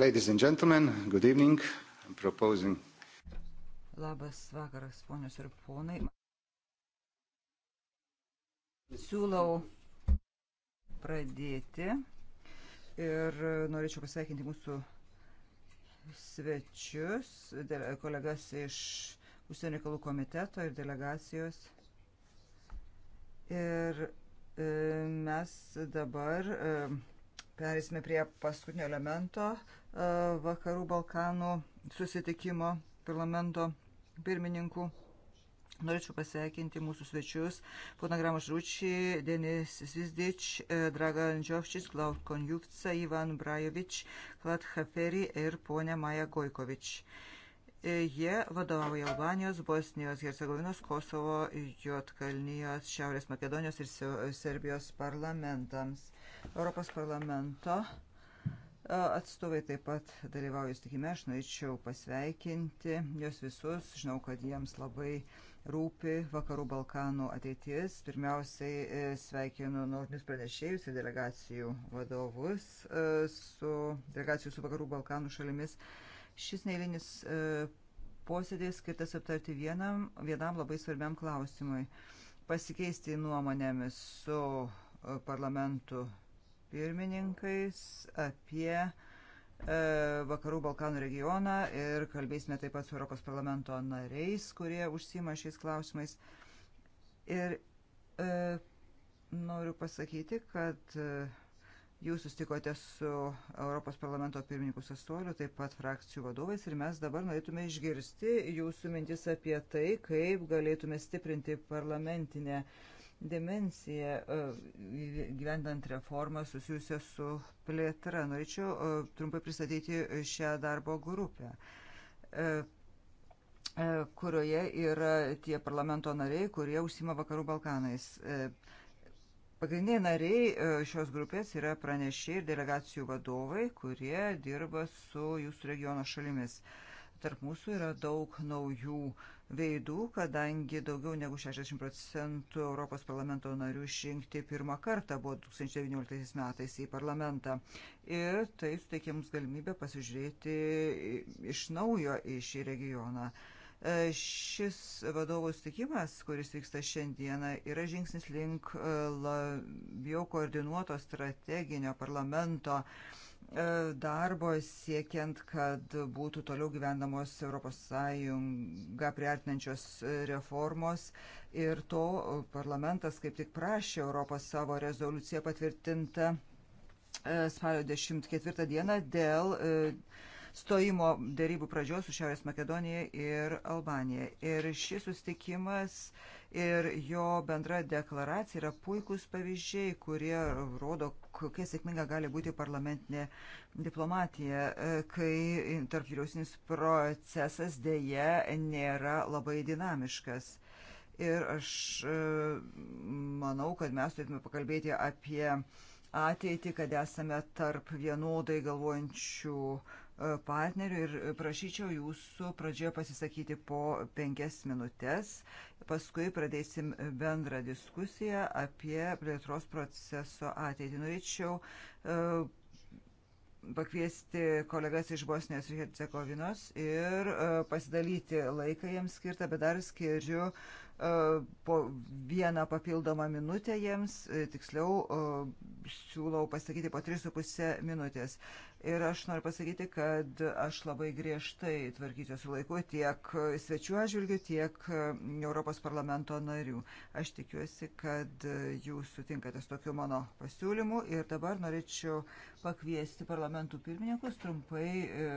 Ladies and gentlemen, good evening. I'm proposing. Labas vakaras, ponios ir ponai. Siūlau pradėti ir norėčiau pasveikinti mūsų svečius, kolegas iš užsienio reikalų komiteto ir delegacijos. Ir e, mes dabar e, Perėsime prie paskutinio elemento e, vakarų Balkanų susitikimo parlamento pirmininkų. Norėčiau pasveikinti mūsų svečius, pana Gramas Rūčį, Denis Svizdič, e, Dragan Džiovčis, Klaud Konjukca, Ivan Brajovič, Klad Haferi ir ponia Maja Gojkovič. E, jie vadovauja Albanijos, Bosnijos, Hercegovinos, Kosovo, Jotkalnijos, Šiaurės Makedonijos ir Serbijos parlamentams. Europos parlamento e, atstovai taip pat dalyvauja stikime. Aš norėčiau pasveikinti juos visus. Žinau, kad jiems labai rūpi Vakarų Balkanų ateitis. Pirmiausiai e, sveikinu nuolatinius pranešėjus ir delegacijų vadovus su delegacijų su Vakarų Balkanų šalimis. Uh, Šis neįlinis e, posėdis skirtas aptarti vienam, vienam labai svarbiam klausimui - pasikeisti nuomonėmis su e, parlamentu pirmininkais apie e, Vakarų Balkanų regioną ir kalbėsime taip pat su Europos parlamento nariais, kurie užsima šiais klausimais. Ir e, noriu pasakyti, kad e, Jūs sustikote su Europos parlamento pirmininku Sasoliu, taip pat frakcijų vadovais ir mes dabar norėtume išgirsti jūsų mintis apie tai, kaip galėtume stiprinti parlamentinę dimensiją e, gyvendant reformą susijusią su plėtra. Norėčiau e, trumpai pristatyti šią darbo grupę e, kurioje yra tie parlamento nariai, kurie užsima Vakarų Balkanais. Pagrindiniai nariai e, šios grupės yra pranešiai ir delegacijų vadovai, kurie dirba su jūsų regiono šalimis. Tarp mūsų yra daug naujų veidų, kadangi daugiau negu 60 procentų Europos parlamento narių išrinkti pirmą kartą buvo 2019 metais į parlamentą. Ir tai suteikė mums galimybę pasižiūrėti iš naujo į šį regioną. Uh, E, šis vadovų sutikimas, kuris vyksta šiandieną, yra žingsnis link e, labiau koordinuoto strateginio parlamento e, darbo siekiant, kad būtų toliau gyvendamos ES priartinančios reformos ir to parlamentas kaip tik prašė Europos savo rezoliuciją patvirtintą spalio 24 dieną dėl stojimo darybų pradžios su Šiaurės Makedonija ir Albanija. Ir šis sustikimas ir jo bendra deklaracija yra puikūs pavyzdžiai, kurie rodo, kokia sėkminga gali būti parlamentinė diplomatija, e, kai tarp vyriausinis procesas dėje nėra labai dinamiškas. Ir aš e, manau, kad mes turėtume pakalbėti apie ateitį, kad esame tarp vienodai galvojančių partnerių ir prašyčiau jūsų pradžioje pasisakyti po penkias minutės. Paskui pradėsim bendrą diskusiją apie plėtros proceso ateitį. Norėčiau e, pakviesti kolegas iš Bosnijos ir Hercegovinos ir e, pasidalyti laiką jiems skirtą, bet dar skiriu e, po vieną papildomą minutę jiems, tiksliau siūlau pasakyti po 3,5 minutės. Ir aš noriu pasakyti, kad aš labai griežtai tvarkysiuosi laiku tiek svečių atžvilgių, tiek Europos parlamento narių. Aš tikiuosi, kad jūs sutinkate su tokiu mano pasiūlymu ir dabar norėčiau pakviesti parlamentų pirmininkus trumpai e,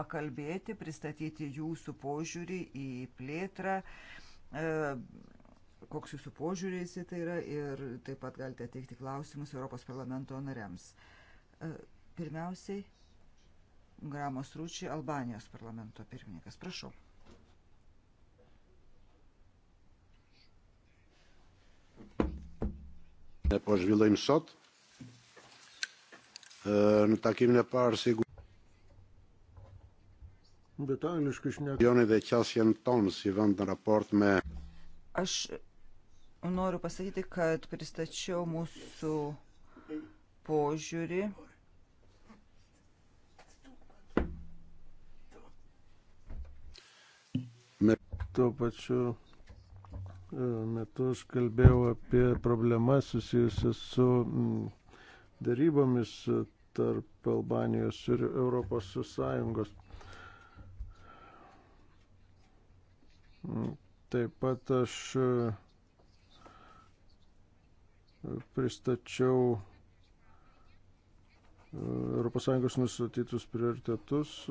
pakalbėti, pristatyti jūsų požiūrį į plėtrą e, koks jūsų požiūris į tai yra ir taip pat galite teikti klausimus Europos parlamento nariams. E, pirmiausiai, Gramos Rūčiai, Albanijos parlamento pirmininkas. Prašau. Ne požvilojim sot. E, në nu, takim në parë sigur... Detajliškai šnekam. Jonai dhe qasjen tonë si vend në raport me... Aš noriu pasakyti, kad pristačiau mūsų požiūrį. Tuo pačiu e, metu aš kalbėjau apie problemas susijusias su mm, darybomis tarp Albanijos ir Europos Sąjungos. Taip pat aš e, pristačiau ES nustatytus prioritetus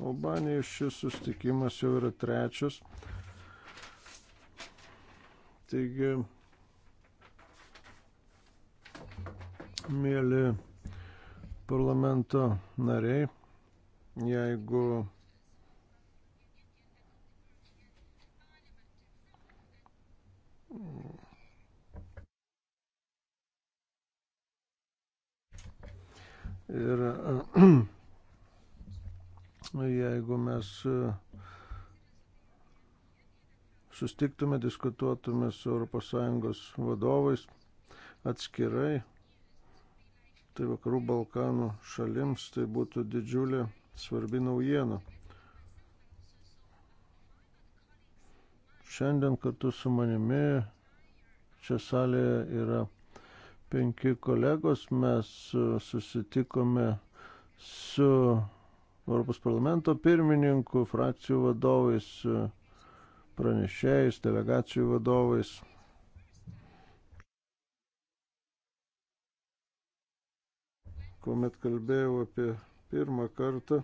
Albanijai. Šis sustikimas jau yra trečias. Taigi, mėly parlamento nariai, jeigu Ir jeigu mes e, sustiktume, diskutuotume su ES vadovais atskirai, tai vakarų Balkanų šalims tai būtų didžiulė svarbi naujiena. Šiandien kartu su manimi čia salėje yra penki kolegos mes e, susitikome su Europos parlamento pirmininku, frakcijų vadovais, e, pranešėjais, delegacijų vadovais. Kuomet kalbėjau apie pirmą kartą,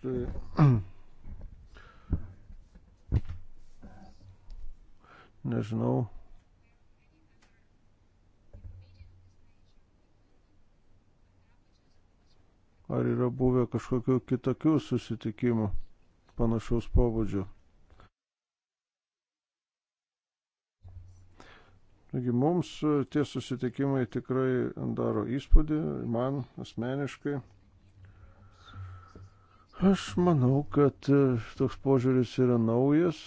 tai nežinau. Ar yra buvę kažkokių kitokių susitikimų panašaus pobūdžio? Taigi mums e, tie susitikimai tikrai daro įspūdį, man asmeniškai. Aš manau, kad e, toks požiūris yra naujas,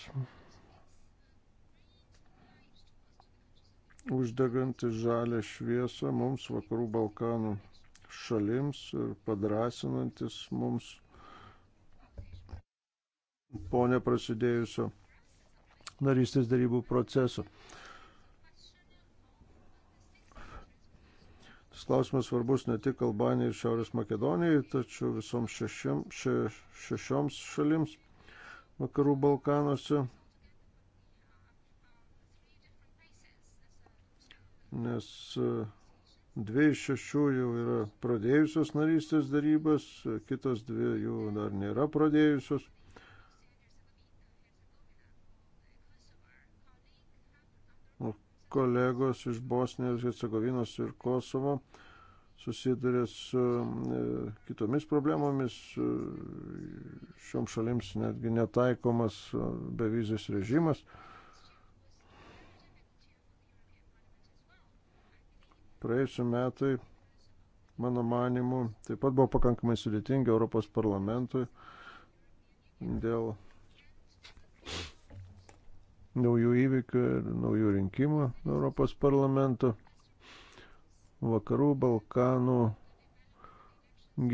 uždeganti žalę šviesą mums vakarų Balkanų šalims ir padrasinantis mums po neprasidėjusio narystės darybų proceso. Tas klausimas svarbus ne tik Albanijai ir Šiaurės Makedonijai, tačiau visoms šešim, še, šešioms šalims vakarų Balkanuose. nes e, dvi iš šešių jau yra pradėjusios narystės darybas, e, kitos dvi jų dar nėra pradėjusios. O kolegos iš Bosnijos, Hercegovinos ir Kosovo susiduria su e, kitomis problemomis, šioms šalims netgi netaikomas bevizis režimas. Praėjusiu metu, mano manimu, taip pat buvo pakankamai sudėtingi Europos parlamentui dėl naujų įvykių ir naujų rinkimų Europos parlamento. Vakarų Balkanų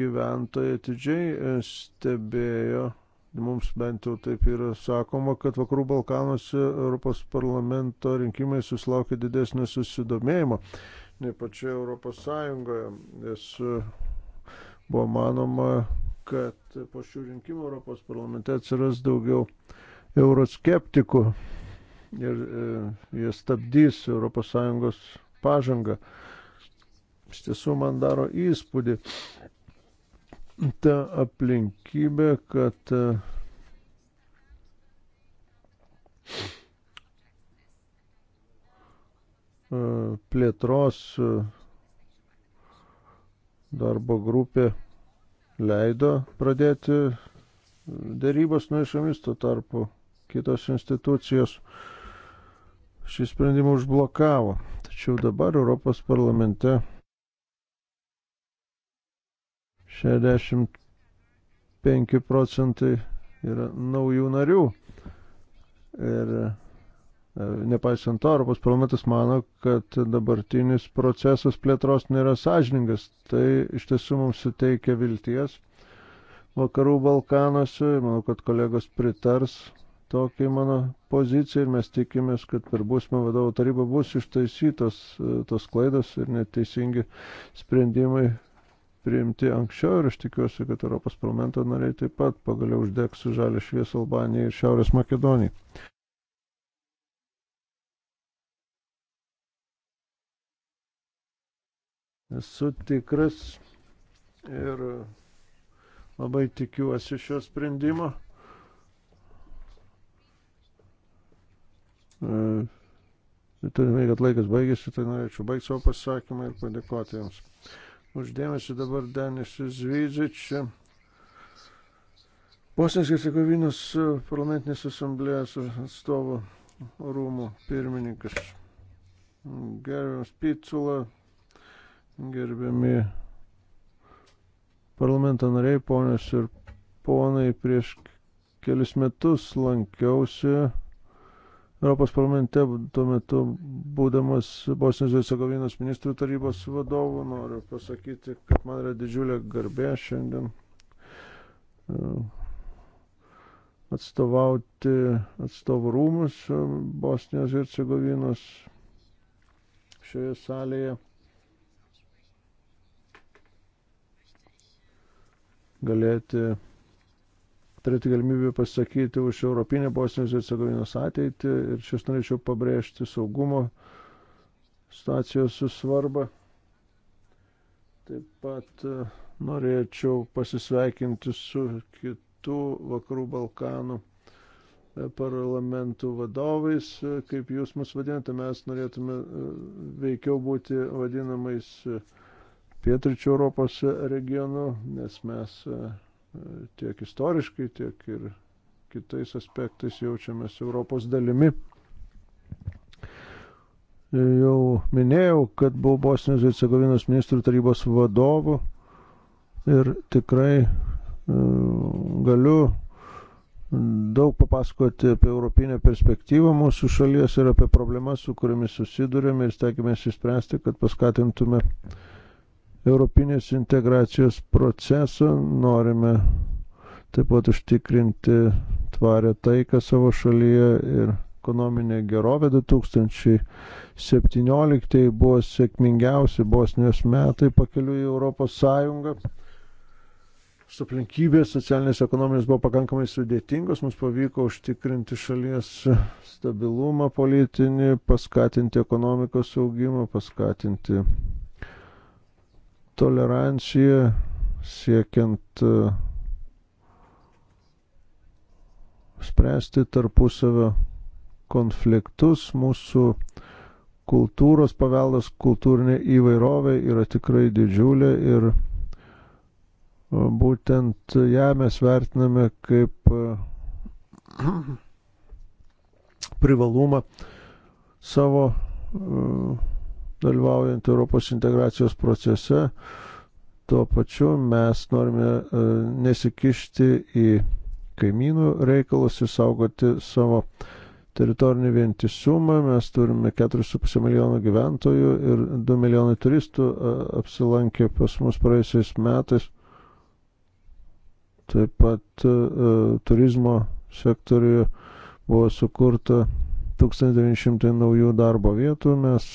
gyventojai atidžiai e, stebėjo, mums bent jau taip yra sakoma, kad Vakarų Balkanuose Europos parlamento rinkimai susilaukė didesnio susidomėjimo ne pačioje Europos Sąjungoje. Nes e, buvo manoma, kad po šių rinkimų Europos parlamente atsiras daugiau euroskeptikų ir e, jie stabdys ES pažangą. Iš tiesų man daro įspūdį ta aplinkybė, kad e, E, plėtros e, darbo grupė leido pradėti dėrybos naišomis, tuo tarpu kitos institucijos šį sprendimą užblokavo. Tačiau dabar Europos parlamente 65 procentai yra naujų narių. Ir E, nepaisant to, Europos parlamentas mano, kad dabartinis procesas plėtros nėra sąžiningas. Tai iš tiesų mums suteikia vilties vakarų Balkanuose ir manau, kad kolegos pritars tokiai mano pozicijai ir mes tikimės, kad per būsimą vadovų tarybą bus ištaisytos e, tos klaidos ir neteisingi sprendimai priimti anksčiau ir aš tikiuosi, kad Europos parlamento nariai taip pat pagaliau uždegs žalę šviesą Albanijai ir Šiaurės Makedonijai. Esu tikras ir labai tikiuosi šio sprendimo. Turime, kad laikas baigėsi, tai norėčiau baigti savo pasakymą ir padėkoti jums. Uždėmesi dabar Denis Zvydžič. Bosnijos Hercegovinos parlamentinės asamblėjos atstovų rūmų pirmininkas. Gerbiamas Pitsula, Gerbiami parlamento nariai, ponios ir ponai, prieš kelis metus lankiausi Europos parlamente, tuo metu būdamas Bosnijos ir Hercegovinos ministrų tarybos vadovu, noriu pasakyti, kad man yra didžiulė garbė šiandien e, atstovauti atstovų rūmus Bosnijos ir Hercegovinos šioje salėje. galėti turėti galimybę pasakyti už Europinę Bosnijos ir Cegovinos ateitį ir šis norėčiau pabrėžti saugumo situacijos svarbą. Taip pat e, norėčiau pasisveikinti su kitų vakarų Balkanų e, parlamentų vadovais, e, kaip jūs mus vadinate, mes norėtume veikiau būti vadinamais uh, pietričių Europos regionu, nes mes e, tiek istoriškai, tiek ir kitais aspektais jaučiamės Europos dalimi. E, jau minėjau, kad buvau Bosnijos ir Cegovinos ministrų tarybos vadovu ir tikrai e, galiu daug papasakoti apie europinę perspektyvą mūsų šalies ir apie problemas, su kuriamis susidurėme ir stengiamės įspręsti, kad paskatintume uh, europinės integracijos proceso, norime taip pat užtikrinti tvarę taiką savo šalyje ir ekonominė gerovė 2017 buvo sėkmingiausi Bosnijos metai pakeliu į Europos Sąjungą. Su aplinkybės socialinės ekonominės buvo pakankamai sudėtingos, mums pavyko užtikrinti šalies stabilumą politinį, paskatinti ekonomikos augimą, paskatinti tolerancija siekiant e, spręsti tarpusavio konfliktus. Mūsų kultūros paveldas, kultūrinė įvairovė yra tikrai didžiulė ir e, būtent ją mes vertiname kaip e, privalumą savo dalyvaujant Europos integracijos procese. Tuo pačiu mes norime e, nesikišti į kaimynų reikalus ir saugoti savo teritorinį vientisumą. Mes turime 4,5 milijonų gyventojų ir 2 milijonai turistų e, apsilankė pas mus praėjusiais metais. Taip pat e, turizmo sektoriuje buvo sukurta 1900 naujų darbo vietų. Mes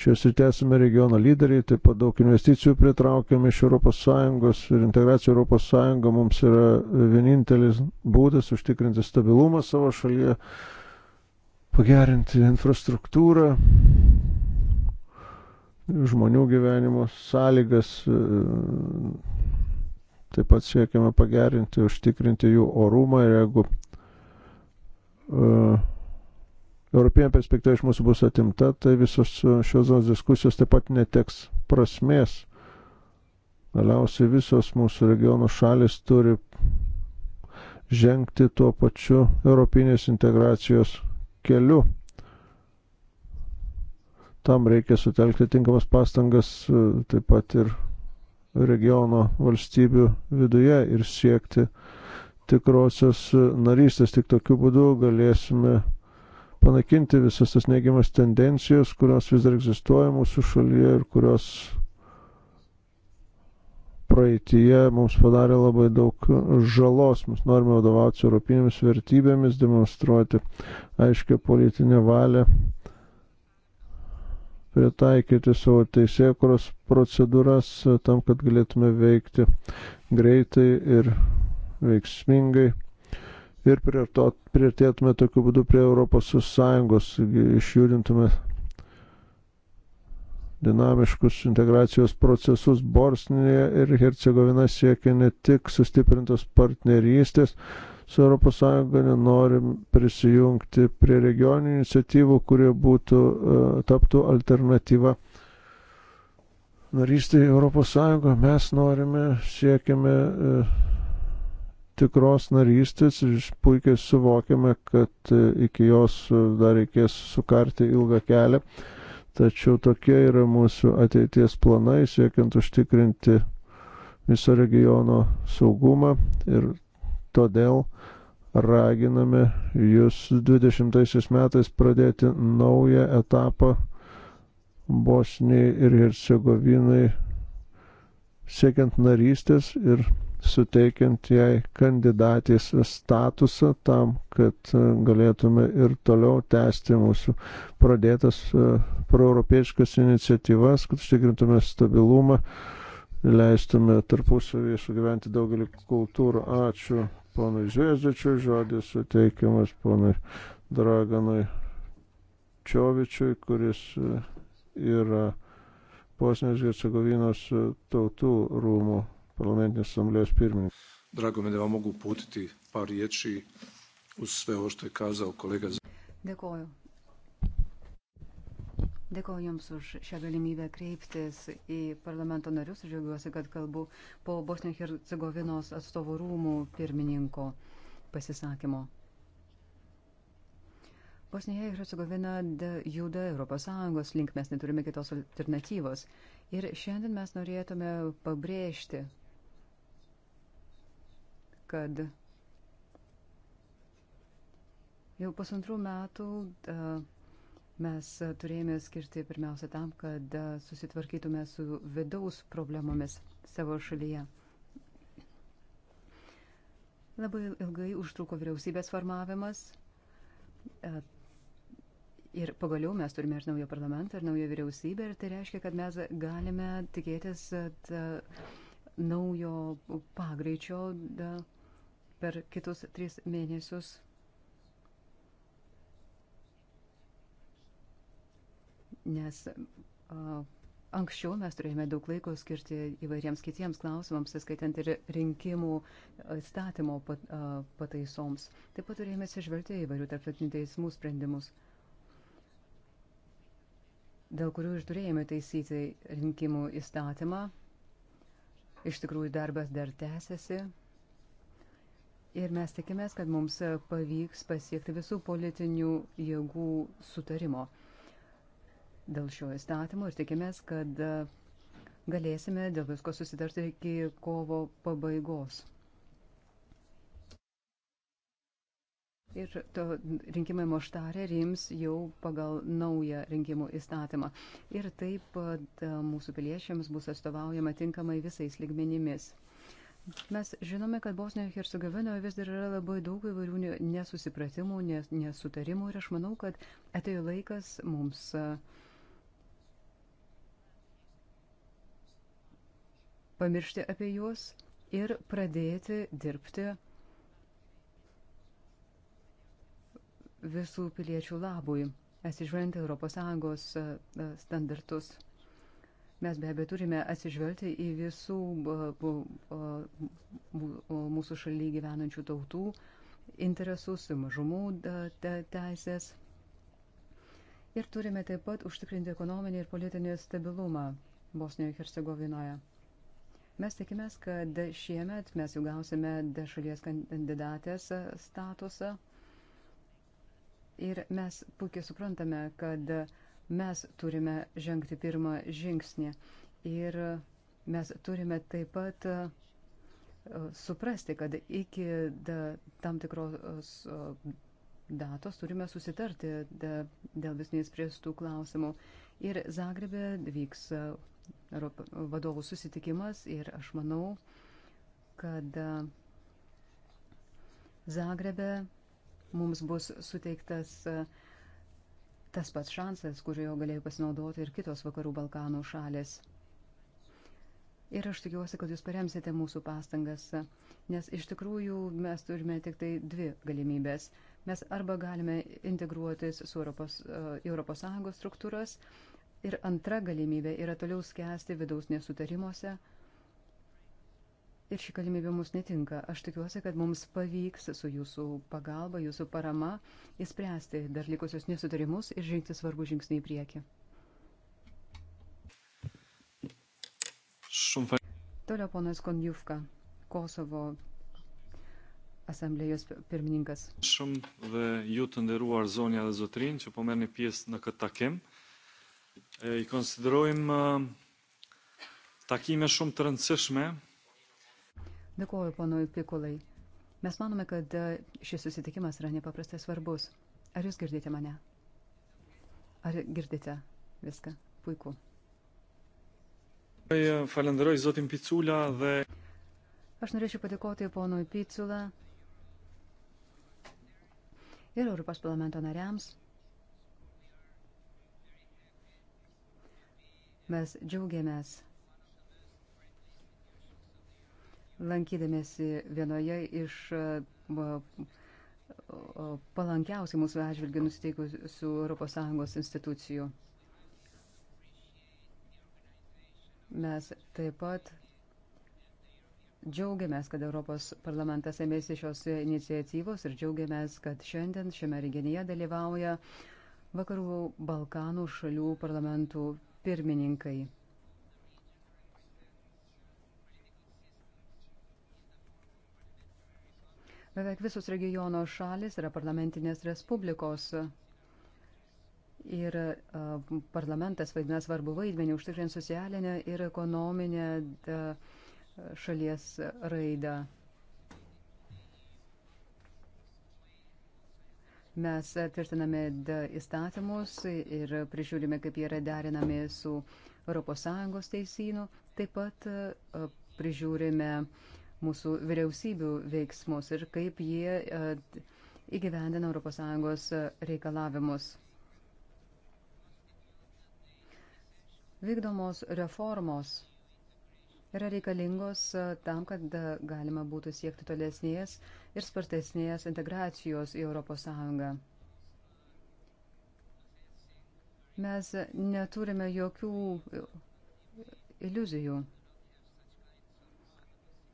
Šios ir esame regiono lyderiai, taip pat daug investicijų pritraukiame iš ES ir integracija ES mums yra vienintelis būdas užtikrinti stabilumą savo šalyje, pagerinti infrastruktūrą, žmonių gyvenimo sąlygas, taip pat siekiame pagerinti, užtikrinti jų orumą ir jeigu uh, europinė perspektyva iš mūsų bus atimta, tai visos uh, šios zonos diskusijos taip pat neteks prasmės. Galiausiai visos mūsų regionų šalis turi žengti tuo pačiu europinės integracijos keliu. Tam reikia sutelkti tinkamas pastangas uh, taip pat ir regiono valstybių viduje ir siekti tikrosios uh, narystės. Tik tokiu būdu galėsime panaikinti visas tas neigiamas tendencijas, kurios vis dar egzistuoja mūsų šalyje ir kurios praeitie mums padarė labai daug žalos. Mes norime vadovauti europinėmis vertybėmis, demonstruoti aiškę politinę valią, pritaikyti savo teisėkuros procedūras tam, kad galėtume veikti greitai ir veiksmingai ir priartėtume tokiu būdu prie Europos Sąjungos, išjudintume dinamiškus integracijos procesus Bosnija ir Hercegovina siekia ne tik sustiprintos partnerystės su ES, nenorim prisijungti prie regioninių iniciatyvų, kurie būtų, e, taptų alternatyva. Narystė į ES mes norime, siekime e, tikros narystės ir puikiai suvokiame, kad e, iki jos e, dar reikės sukarti ilgą kelią. Tačiau tokie yra mūsų ateities planai, siekiant užtikrinti viso regiono saugumą ir todėl raginame jūs 20 metais pradėti naują etapą Bosnijai ir Hercegovinai siekiant narystės ir suteikiant jai kandidatės statusą tam, kad e, galėtume ir toliau tęsti mūsų pradėtas e, proeuropieškas iniciatyvas, kad užtikrintume stabilumą, leistume tarpusavį sugyventi daugelį kultūrų. Ačiū ponui Zviesdačiui, žodis suteikiamas ponui Draganui Čiovičiui, kuris e, yra Bosnijos Hercegovinos tautų rūmų parlamentarne asambljeje pirminik. Drago mi da vam mogu putiti par riječi uz sve ovo što je kazao kolega. Dėkoju. Dėkoju Jums už šią galimybę kreiptis į parlamento narius. Žiūriuosi, kad kalbu po Bosnijos ir Cegovinos atstovų rūmų pirmininko pasisakymo. Bosnija ir Hercegovina juda ES link, mes neturime kitos alternatyvos. Ir šiandien mes norėtume pabrėžti, kad jau pusantrų metų mes turėjome skirti pirmiausia tam, kad susitvarkytume su vidaus problemomis savo šalyje. Labai ilgai užtruko vyriausybės formavimas ir pagaliau mes turime ir naują parlamentą, ir naują vyriausybę ir tai reiškia, kad mes galime tikėtis naujo pagreičio. Da, per kitus tris mėnesius. Nes uh, Anksčiau mes turėjome daug laiko skirti įvairiems kitiems klausimams, skaitant ir rinkimų įstatymo pat, uh, pataisoms. Taip pat turėjome atsižvelgti įvairių tarptautinių teismų sprendimus, dėl kurių ir turėjome taisyti rinkimų įstatymą. Iš tikrųjų darbas dar tęsiasi. Ir mes tikimės, kad mums pavyks pasiekti visų politinių jėgų sutarimo dėl šio įstatymo ir tikimės, kad e, galėsime dėl visko susidarti iki kovo pabaigos. Ir to rinkimai moštarė rims jau pagal naują rinkimų įstatymą. Ir taip pat e, mūsų piliečiams bus atstovaujama tinkamai visais ligmenimis. Mes žinome, kad Bosnijoje ir Hercegovinoje vis dar yra labai daug įvairių nesusipratimų, nes, nesutarimų ir aš manau, kad atėjo laikas mums pamiršti apie juos ir pradėti dirbti visų piliečių labui, atsižvelgiant Europos Sąjungos standartus. Mes be abejo turime atsižvelgti į visų mūsų šaly gyvenančių tautų interesus, mažumų teisės. Ir turime taip pat užtikrinti ekonominį ir politinį stabilumą Bosnijoje ir Hercegovinoje. Mes tikimės, kad šiemet mes jau gausime šalies kandidatės statusą. Ir mes puikiai suprantame, kad uh, mes turime žengti pirmą žingsnį ir mes turime taip pat e, suprasti, kad iki tam tikros e, e, datos turime susitarti dėl vis neįspręstų klausimų. Ir Zagrebė vyks vadovų susitikimas ir aš manau, kad Zagrebė mums bus suteiktas uh, tas pats šansas, kurio galėjo pasinaudoti ir kitos vakarų Balkanų šalis. Ir aš tikiuosi, kad jūs paremsite mūsų pastangas, nes iš tikrųjų mes turime tik tai dvi galimybės. Mes arba galime integruotis su Europos, e, Europos Sąjungos struktūras ir antra galimybė yra toliau skęsti vidaus nesutarimuose ir ši galimybė mums netinka. Aš tikiuosi, kad mums pavyks su jūsų pagalba, jūsų parama įspręsti dar likusios nesutarimus ir žengti svarbų žingsnį į priekį. Šumfa. Toliau ponas Konjufka, Kosovo asamblėjos pirmininkas. Shumë dhe ju të nderuar zonja dhe zotrin që po merrni pjesë në këtë takim. E, I konsiderojmë e, takime shumë të rëndësishme Dėkuoju ponui Pikulai. Mes manome, kad e, šis susitikimas yra nepaprastai svarbus. Ar jūs girdite mane? Ar girdite viską? Puiku. E, Falendaroj Zotim Piculą. Aš norėčiau padėkoti ponui Piculą ir Europos parlamento nariams. Mes džiaugiamės lankydamėsi vienoje iš e, palankiausiai mūsų atžvilgių nusiteikusių ES institucijų. Mes taip pat džiaugiamės, kad Europos parlamentas ėmėsi šios iniciatyvos ir džiaugiamės, kad šiandien šiame renginyje dalyvauja Vakarų Balkanų šalių parlamentų pirmininkai. Beveik visos regiono šalis yra parlamentinės respublikos. Ir uh, parlamentas vaidina svarbu vaidmenį užtikrint socialinę ir ekonominę uh, šalies raidą. Mes tvirtiname įstatymus ir prižiūrime, kaip jie yra derinami su ES teisynu. Taip pat prižiūrime uh, mūsų vyriausybių veiksmus ir kaip jie e, įgyvendina ES e, reikalavimus. Vykdomos reformos yra reikalingos e, tam, kad galima būtų siekti tolesnės ir spartesnės integracijos į ES. Mes neturime jokių iliuzijų.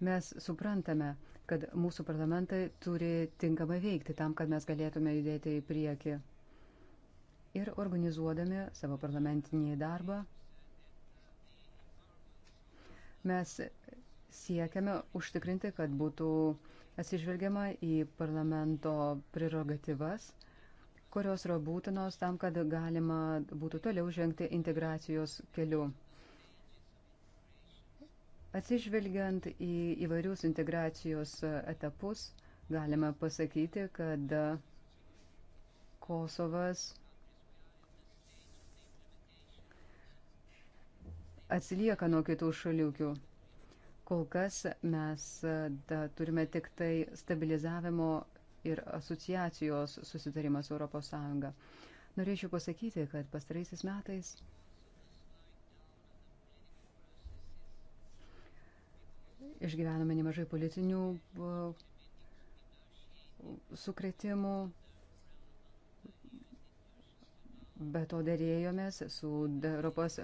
Mes suprantame, kad mūsų parlamentai turi tinkamai veikti tam, kad mes galėtume judėti į priekį. Ir organizuodami savo parlamentinį darbą, mes siekiame užtikrinti, kad būtų atsižvelgiama į parlamento prerogatyvas, kurios yra būtinos tam, kad galima būtų toliau žengti integracijos keliu. Atsižvelgiant į įvairius integracijos etapus, galima pasakyti, kad Kosovas atsilieka nuo kitų šaliukių. Kol kas mes da, turime tik tai stabilizavimo ir asociacijos susitarimas Europos Sąjunga. Norėčiau pasakyti, kad pastaraisiais metais Išgyvenome nemažai politinių sukretimų, bet to dėrėjomės su Europos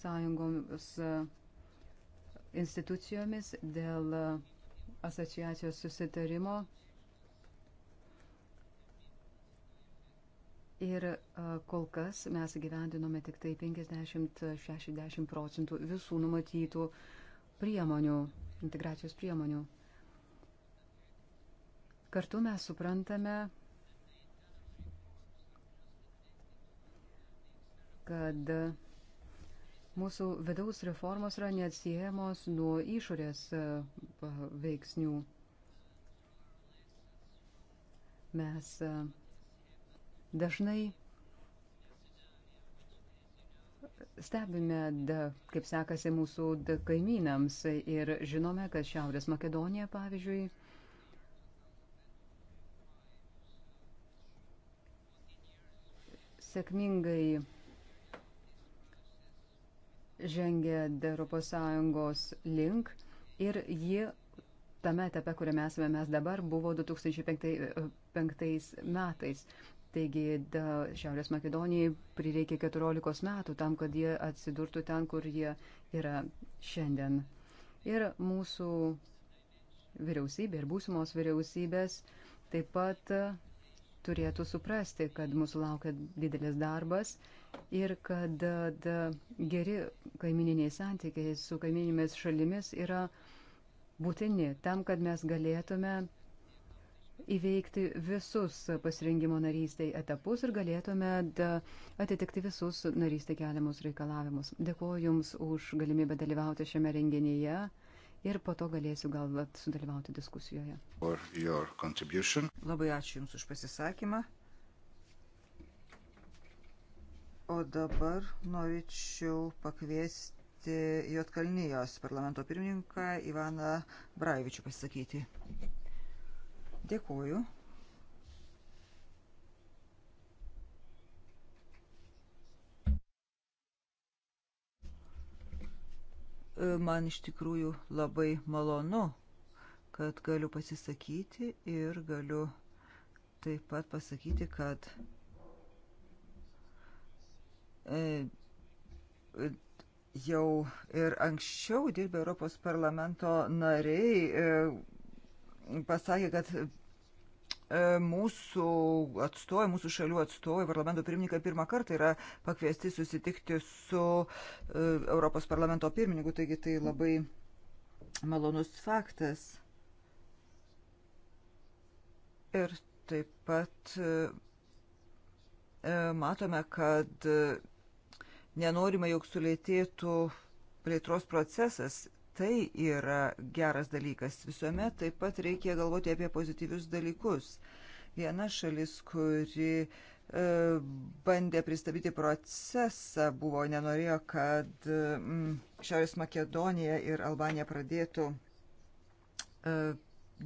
Sąjungos institucijomis dėl asociacijos susitarimo. Ir kol kas mes gyvendinome tik tai 50-60 procentų visų numatytų priemonių integracijos priemonių. Kartu mes suprantame, kad mūsų vidaus reformos yra neatsiejamos nuo išorės veiksnių. Mes dažnai Stebime, da, kaip sekasi mūsų da, kaimynams ir žinome, kad Šiaurės Makedonija, pavyzdžiui, sėkmingai žengia Europos Sąjungos link ir ji tame etape, kuriame esame mes dabar, buvo 2005 e, metais. Taigi da, Šiaurės Makedonijai prireikė 14 metų tam, kad jie atsidurtų ten, kur jie yra šiandien. Ir mūsų vyriausybė ir būsimos vyriausybės taip pat turėtų suprasti, kad mūsų laukia didelis darbas ir kad da, geri kaimininiai santykiai su kaimininėmis šalimis yra būtini tam, kad mes galėtume įveikti visus pasirengimo narystiai etapus ir galėtume atitikti visus narystė keliamus reikalavimus. Dėkuoju Jums už galimybę dalyvauti šiame renginyje ir po to galėsiu gal sudalyvauti diskusijoje. Labai ačiū Jums už pasisakymą. O dabar norėčiau pakviesti Jotkalnyjos parlamento pirmininką Ivaną Braivičių pasisakyti. Dėkuoju. E, man iš tikrųjų labai malonu, kad galiu pasisakyti ir galiu taip pat pasakyti, kad e, e, jau ir anksčiau dirbę Europos parlamento nariai pasakė, kad e, mūsų atstovai, mūsų šalių atstovai, parlamento pirmininkai pirmą kartą yra pakviesti susitikti su e, Europos parlamento pirmininku, taigi tai labai malonus faktas. Ir taip pat e, matome, kad nenorima, jog sulėtėtų plėtros procesas Tai yra geras dalykas. Visuomet taip pat reikia galvoti apie pozityvius dalykus. Viena šalis, kuri e, bandė pristabdyti procesą, buvo nenorėjo, kad mm, Šiaurės Makedonija ir Albanija pradėtų e,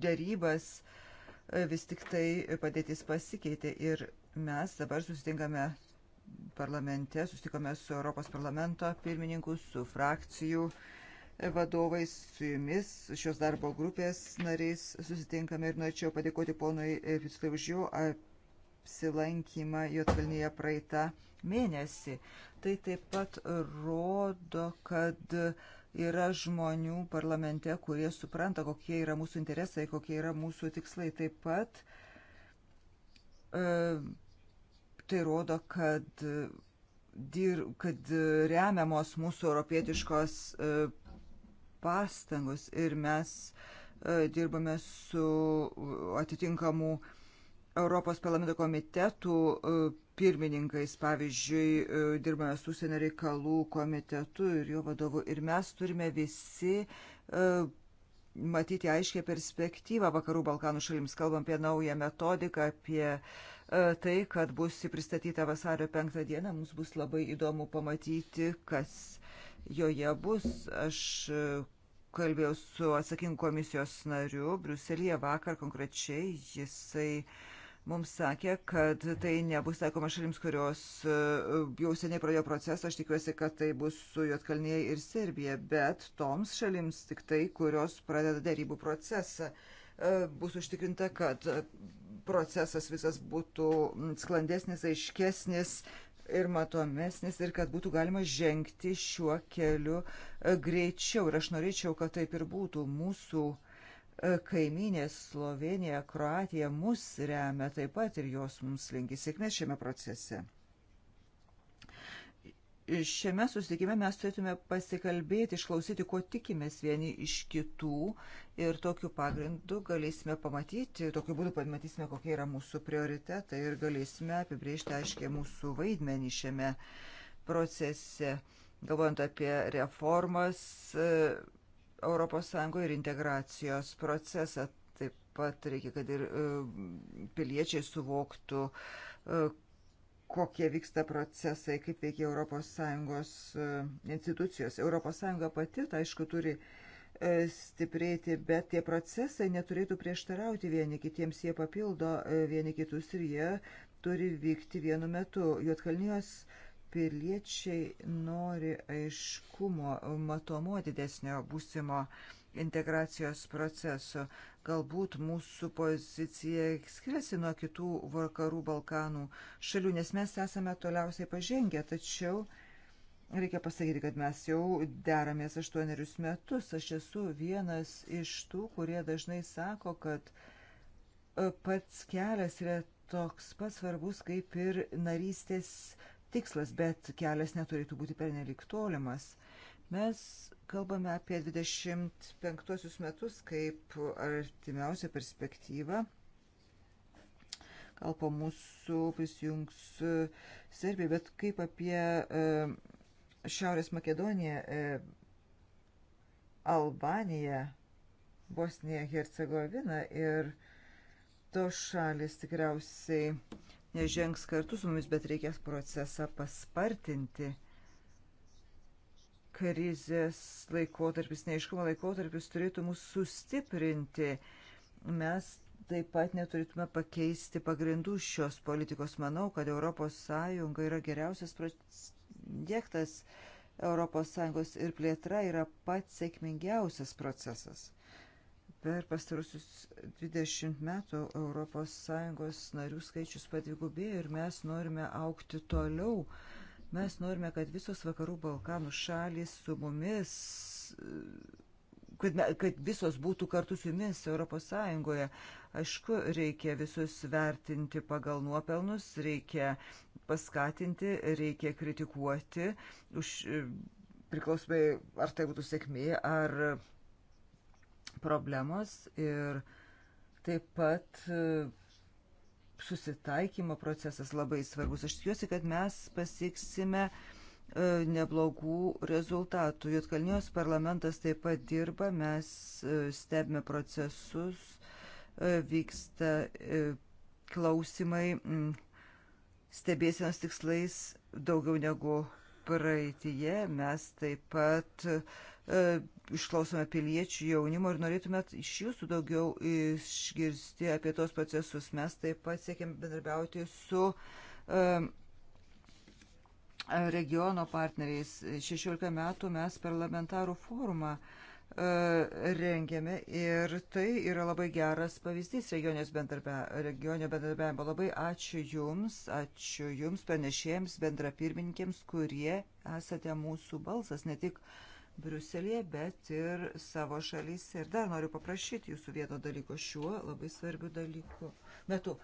dėrybas, e, vis tik tai padėtis pasikeitė ir mes dabar susitinkame parlamente, susitikome su Europos parlamento pirmininku, su frakcijų uh, vadovais, su jumis, šios darbo grupės nariais susitinkame ir norėčiau padėkoti ponui Fislai už jų apsilankymą Jotkalnyje praeitą mėnesį. Tai taip pat rodo, kad yra žmonių parlamente, kurie supranta, kokie yra mūsų interesai, kokie yra mūsų tikslai. Taip pat e, tai rodo, kad, dir, kad remiamos mūsų europietiškos e, pastangos ir mes e, dirbame su atitinkamų Europos parlamento komitetų e, pirmininkais, pavyzdžiui, e, dirbame su užsienio reikalų komitetu ir jo vadovu. Ir mes turime visi matyti aiškę perspektyvą vakarų Balkanų šalims. Kalbam apie naują metodiką, apie tai, kad bus pristatyta vasario penktą dieną. Mums bus labai įdomu pamatyti, kas joje bus. Aš kalbėjau su atsakingu komisijos nariu Bruselėje vakar konkrečiai. Jisai mums sakė, kad tai nebus taikoma šalims, kurios e, jau seniai pradėjo procesą. Aš tikiuosi, kad tai bus su Jotkalnyje ir Serbija, bet toms šalims tik tai, kurios pradeda darybų procesą, e, bus užtikrinta, kad procesas visas būtų sklandesnis, aiškesnis, ir matomesnis ir kad būtų galima žengti šiuo keliu e, greičiau. Ir aš norėčiau, kad taip ir būtų. Mūsų e, kaiminės Slovenija, Kroatija mus remia taip pat ir jos mums linki sėkmės šiame procese šiame susitikime mes turėtume pasikalbėti, išklausyti, ko tikimės vieni iš kitų ir tokiu pagrindu galėsime pamatyti, tokiu būdu pamatysime, kokie yra mūsų prioritetai ir galėsime apibriežti aiškiai mūsų vaidmenį šiame procese, galvojant apie reformas ES ir integracijos procesą. Taip pat reikia, kad ir e, piliečiai suvoktų, e, kokie vyksta procesai, kaip veikia ES e, institucijos. ES pati, tai aišku, turi e, stiprėti, bet tie procesai neturėtų prieštarauti vieni kitiems, jie papildo e, vieni kitus ir jie turi vykti vienu metu. Juotkalnijos piliečiai nori aiškumo, matomo didesnio būsimo integracijos proceso. Galbūt mūsų pozicija skiriasi nuo kitų vakarų Balkanų šalių, nes mes esame toliausiai pažengę, tačiau reikia pasakyti, kad mes jau deramės aštuonerius metus. Aš esu vienas iš tų, kurie dažnai sako, kad e, pats kelias yra toks pats svarbus kaip ir narystės tikslas, bet kelias neturėtų būti pernelik tolimas. Mes Kalbame apie 25 metus kaip artimiausią perspektyvą. Gal po mūsų prisijungs e, Serbija, bet kaip apie e, Šiaurės Makedoniją, e, Albaniją, Bosniją, Hercegoviną ir tos šalis tikriausiai nežengs kartu su mumis, bet reikės procesą paspartinti krizės laikotarpis, neiškumo laikotarpis turėtų mus sustiprinti. Mes taip pat neturėtume pakeisti pagrindų šios politikos. Manau, kad ES yra geriausias projektas ES ir plėtra yra pats sėkmingiausias procesas. Per pastarusius 20 metų ES narių skaičius padvigubėjo ir mes norime aukti toliau. Uh, Mes norime, kad visos vakarų Balkanų šalys su mumis, kad, kad visos būtų kartu su jumis Europos Sąjungoje. Aišku, reikia visus vertinti pagal nuopelnus, reikia paskatinti, reikia kritikuoti, už, priklausomai ar tai būtų sėkmė ar problemos ir taip pat susitaikymo procesas labai svarbus. Aš tikiuosi, kad mes pasieksime e, neblogų rezultatų. Jotkalnijos parlamentas taip pat dirba, mes e, stebime procesus, e, vyksta klausimai stebėsienos tikslais daugiau negu praeitie mes taip pat e, išklausome piliečių jaunimo ir norėtume iš jūsų daugiau išgirsti apie tos procesus. Mes taip pat siekiam bendarbiauti su e, regiono partneriais. 16 metų mes parlamentarų forumą uh, rengiame ir tai yra labai geras pavyzdys bendarbia, regionio bendradarbiavimo. Labai ačiū Jums, ačiū Jums pranešėjams, bendrapirmininkėms, kurie esate mūsų balsas, ne tik Briuselėje, bet ir savo šalyse. Ir dar noriu paprašyti Jūsų vieno dalyko šiuo labai svarbiu dalyku. Metu,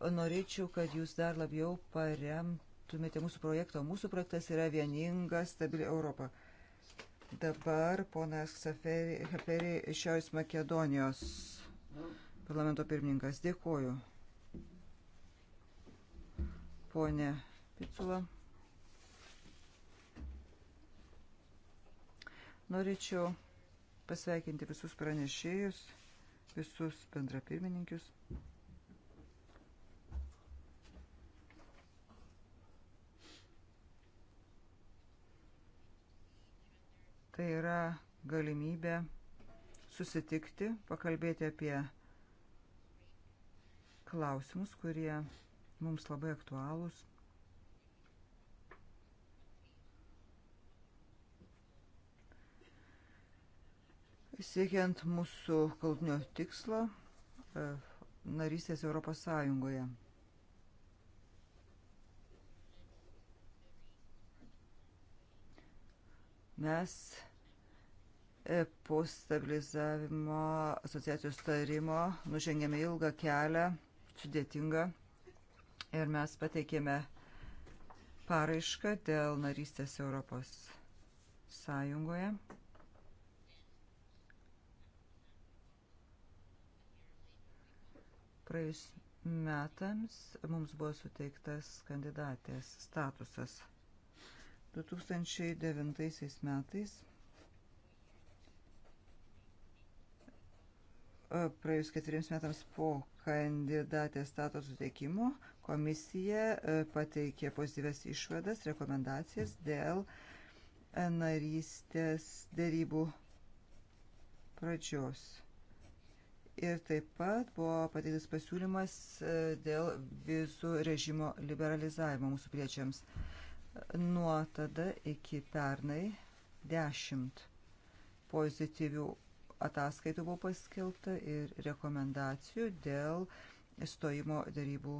norėčiau, kad Jūs dar labiau paremtumėte mūsų projektą. Mūsų projektas yra vieninga, stabili Europa Dabar ponas Heferi iš Šiaurės Makedonijos parlamento pirmininkas. Dėkuoju. Pone Picula. Norėčiau pasveikinti visus pranešėjus, visus bendrapirmininkius. pirmininkius. Tai yra galimybė susitikti, pakalbėti apie klausimus, kurie mums labai aktualūs. Siekiant mūsų kaltinio tikslo e, narystės Europos Sąjungoje. Mes E, po stabilizavimo asociacijos tarimo nužengėme ilgą kelią, sudėtingą, ir mes pateikėme paraišką dėl narystės Europos Sąjungoje. Praėjus metams mums buvo suteiktas kandidatės statusas. 2009 metais E, praėjus keturiems metams po kandidatės status suteikimo komisija e, pateikė pozityves išvadas, rekomendacijas dėl e, narystės dėrybų pradžios. Ir taip pat buvo pateiktas pasiūlymas dėl visų režimo liberalizavimo mūsų piliečiams. Nuo tada iki pernai dešimt pozityvių ataskaitų buvo paskelbta ir rekomendacijų dėl įstojimo darybų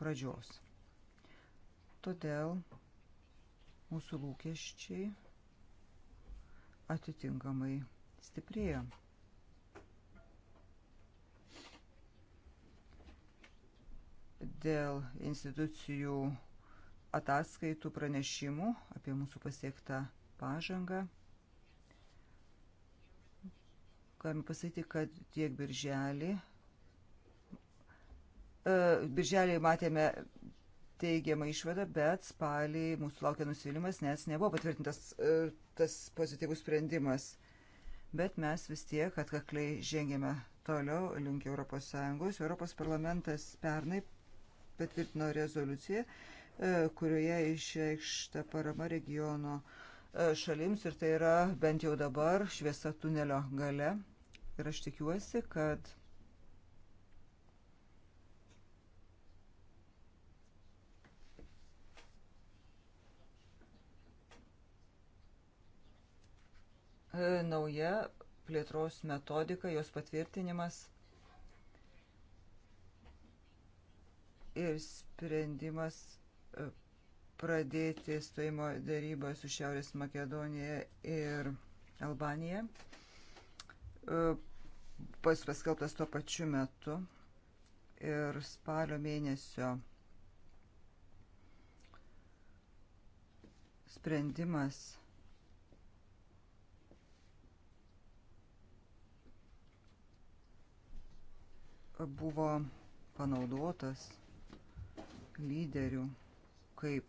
pradžios. Todėl mūsų lūkesčiai atitinkamai stiprėjo. Dėl institucijų ataskaitų pranešimų apie mūsų pasiektą pažangą Galime pasakyti, kad tiek birželį. E, birželį matėme teigiamą išvadą, bet spalį mūsų laukia nusivylimas, nes nebuvo patvirtintas e, tas pozityvus sprendimas. Bet mes vis tiek atkakliai žengėme toliau link Europos Sąjungos. Europos parlamentas pernai patvirtino rezoliuciją, e, kurioje išreikšta parama regiono uh, E, šalims ir tai yra bent jau dabar šviesa tunelio gale. Ir aš tikiuosi, kad e, nauja plėtros metodika, jos patvirtinimas ir sprendimas e, pradėti stojimo darybą su Šiaurės Makedonija ir Albanija. E, pas paskelbtas tuo pačiu metu ir spalio mėnesio sprendimas buvo panaudotas lyderių kaip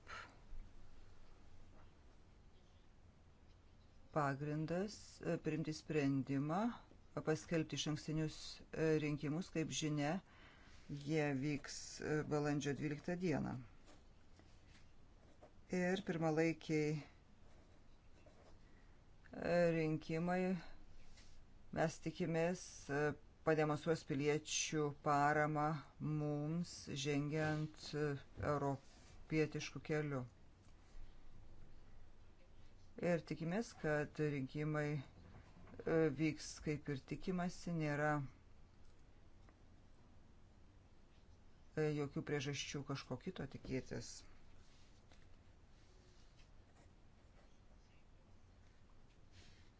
pagrindas e, priimti sprendimą, e, paskelbti iš ankstinius e, rinkimus, kaip žinia, jie vyks balandžio 12 dieną. Ir pirmalaikiai rinkimai, mes tikimės, pademonstruos piliečių paramą mums, žengiant Europą europietiškų kelių. Ir tikimės, kad rinkimai e, vyks kaip ir tikimasi, nėra e, jokių priežasčių kažko kito tikėtis.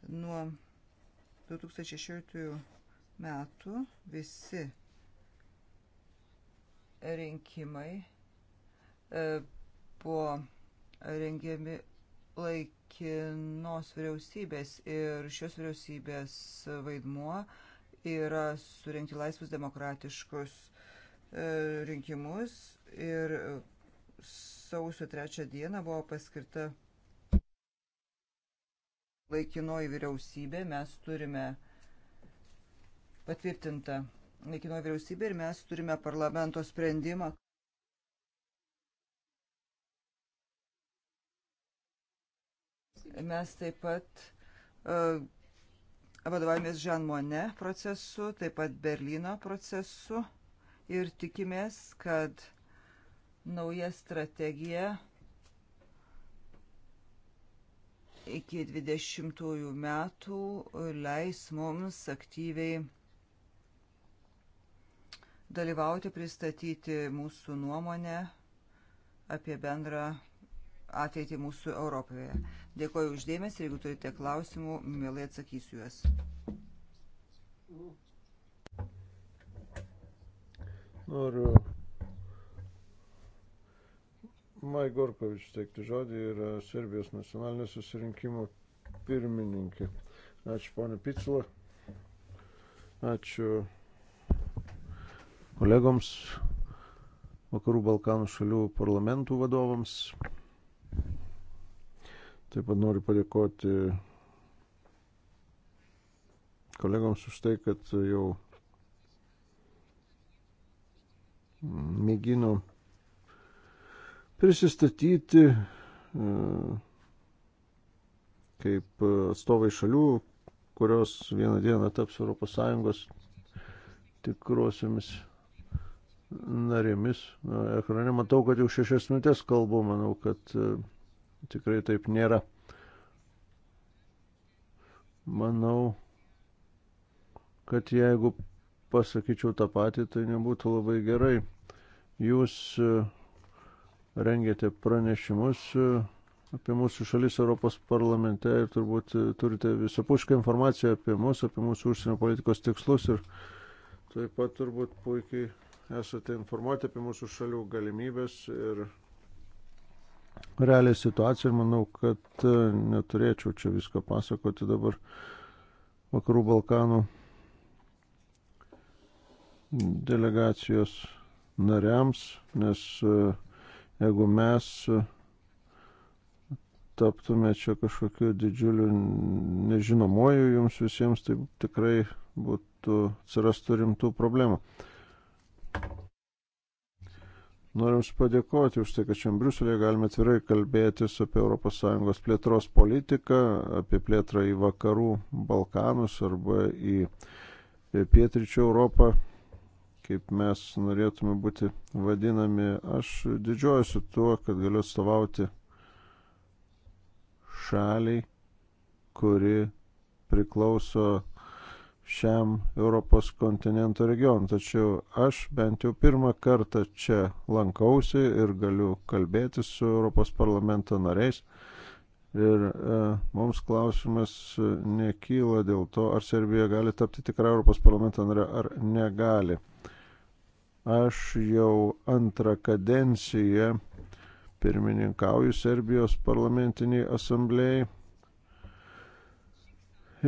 Nuo 2016 metų visi rinkimai E, buvo rengiami laikinos vyriausybės ir šios vyriausybės vaidmuo yra surinkti laisvus demokratiškus e, rinkimus ir sausio trečią dieną buvo paskirta laikinoji vyriausybė, mes turime patvirtintą laikinoji vyriausybė ir mes turime parlamento sprendimą. Mes taip pat uh, e, vadovaujamės Žan Mone procesu, taip pat Berlyno procesu ir tikimės, kad nauja strategija iki 20 metų leis mums aktyviai dalyvauti, pristatyti mūsų nuomonę apie bendrą ateitį mūsų Europoje. Dėkoju uždėmesi ir jeigu turite klausimų, mielai atsakysiu juos. Noriu Mai Gorkovič teikti žodį ir Serbijos nacionalinio susirinkimo pirmininkė. Ačiū, ponė Picula. Ačiū kolegoms, Vakarų Balkanų šalių parlamentų vadovams. Taip pat noriu padėkoti kolegoms už tai, kad jau mėgino prisistatyti e, kaip atstovai šalių, kurios vieną dieną taps ES tikruosiamis narėmis. Ekrane matau, kad jau šešias minutės kalbu, manau, kad e, Tikrai taip nėra. Manau, kad jeigu pasakyčiau tą patį, tai nebūtų labai gerai. Jūs e, rengėte pranešimus e, apie mūsų šalis Europos parlamente ir turbūt e, turite visapušką informaciją apie mus, apie mūsų užsienio politikos tikslus ir taip pat turbūt puikiai esate informuoti apie mūsų šalių galimybės ir realią situaciją ir manau, kad e, neturėčiau čia visko pasakoti dabar vakarų Balkanų delegacijos nariams, nes e, jeigu mes e, taptume čia kažkokiu didžiuliu nežinomoju jums visiems, tai tikrai būtų atsirastų rimtų problemų. Noriu Jums padėkoti už tai, kad šiandien Briuselėje galime atvirai kalbėtis apie ES plėtros politiką, apie plėtrą į vakarų Balkanus arba į pietryčių Europą, kaip mes norėtume būti vadinami. Aš didžiuojuosi tuo, kad galiu atstovauti šaliai, kuri priklauso šiam Europos kontinento regionui. Tačiau aš bent jau pirmą kartą čia lankausi ir galiu kalbėti su Europos parlamento nariais. Ir e, mums klausimas e, nekyla dėl to, ar Serbija gali tapti tikrą Europos parlamento narę ar negali. Aš jau antrą kadenciją pirmininkauju Serbijos parlamentiniai asamblėjai.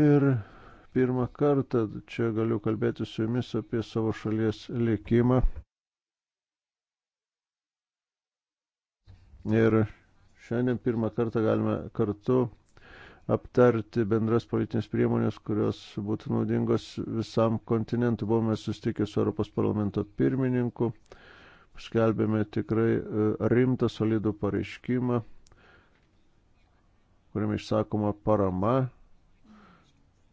Ir pirmą kartą čia galiu kalbėti su jumis apie savo šalies likimą. Ir šiandien pirmą kartą galime kartu aptarti bendras politinės priemonės, kurios būtų naudingos visam kontinentui. Buvome sustikę su Europos parlamento pirmininku, paskelbėme tikrai e, rimtą, solidų pareiškimą, kuriame išsakoma parama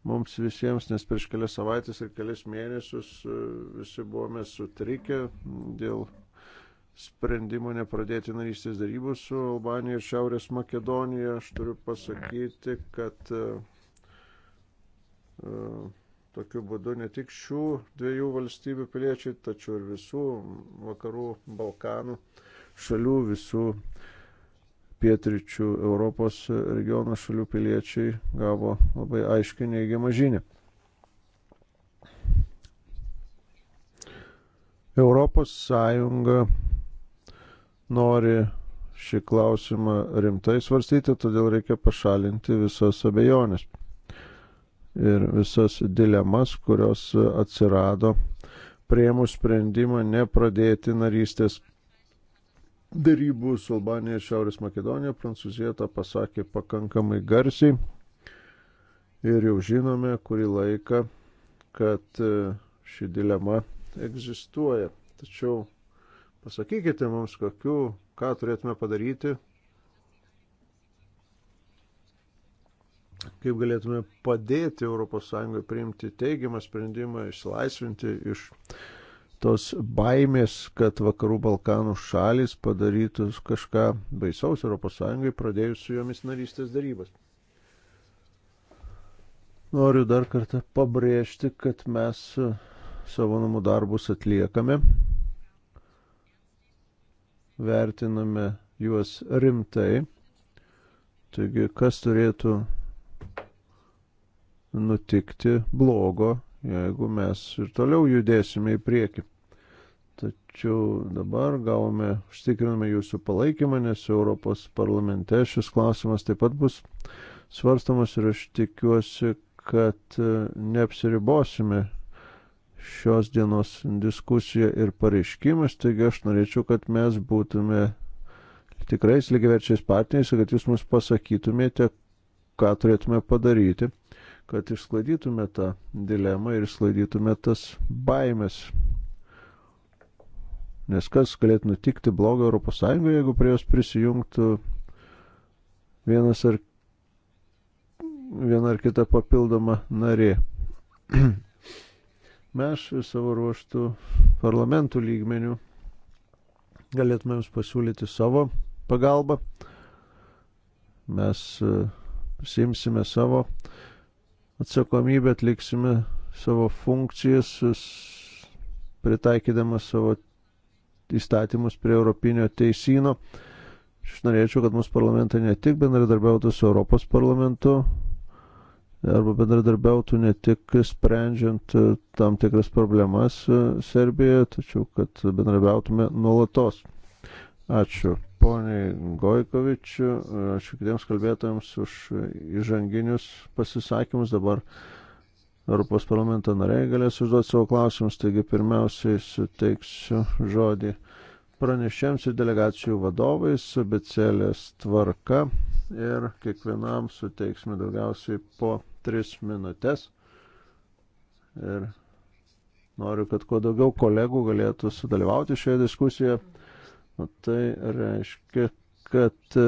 mums visiems, nes prieš kelias savaitės ir kelias mėnesius e, visi buvome sutrikę dėl sprendimo nepradėti narystės darybų su Albanija ir Šiaurės Makedonija. Aš turiu pasakyti, kad e, e, tokiu būdu ne tik šių dviejų valstybių piliečiai, tačiau ir visų vakarų Balkanų šalių, visų uh, pietričių Europos regiono šalių piliečiai gavo labai aiškiai neigiamą žinią. Europos Sąjunga nori šį klausimą rimtai svarstyti, todėl reikia pašalinti visas abejonės ir visas dilemas, kurios atsirado prieimus sprendimą nepradėti narystės darybų su Albanija ir Šiaurės Makedonija. Prancūzija tą pasakė pakankamai garsiai. Ir jau žinome kurį laiką, kad e, ši dilema egzistuoja. Tačiau pasakykite mums, kokiu, ką turėtume padaryti, kaip galėtume padėti ES priimti teigiamą sprendimą, išsilaisvinti iš tos baimės, kad vakarų Balkanų šalis padarytų kažką baisaus ES pradėjus su jomis narystės darybas. Noriu dar kartą pabrėžti, kad mes e, savo namų darbus atliekame, vertiname juos rimtai. Taigi, kas turėtų nutikti blogo jeigu mes ir toliau judėsime į priekį. Tačiau dabar gavome, užtikriname jūsų palaikymą, nes Europos parlamente šis klausimas taip pat bus svarstamas ir aš tikiuosi, kad e, neapsiribosime šios dienos diskusija ir pareiškimas, taigi aš norėčiau, kad mes būtume tikrais lygiverčiais partneriais, kad jūs mus pasakytumėte, ką turėtume padaryti kad išsklaidytume tą dilemą ir išsklaidytume tas baimės. Nes kas galėtų nutikti blogo Europos Sąjungoje, jeigu prie jos prisijungtų vienas ar viena ar kita papildoma narė. Mes savo ruoštų parlamentų lygmenių galėtume jums pasiūlyti savo pagalbą. Mes e, simsime savo uh, atsakomybę, atliksime savo funkcijas, pritaikydama savo įstatymus prie Europinio teisino. Aš norėčiau, kad mūsų parlamentai ne tik bendradarbiautų su Europos parlamentu, arba bendradarbiautų ne tik sprendžiant e, tam tikras problemas e, Serbijoje, tačiau kad bendradarbiautume nuolatos. Ačiū poniai Gojkovičiu, ačiū kitiems kalbėtojams už įžanginius pasisakymus. Dabar Europos parlamento nariai galės užduoti savo klausimus, taigi pirmiausiai suteiksiu žodį pranešėms ir delegacijų vadovais su becelės tvarka ir kiekvienam suteiksime daugiausiai po tris minutės. Ir noriu, kad kuo daugiau kolegų galėtų sudalyvauti šioje diskusijoje. O tai reiškia, kad e,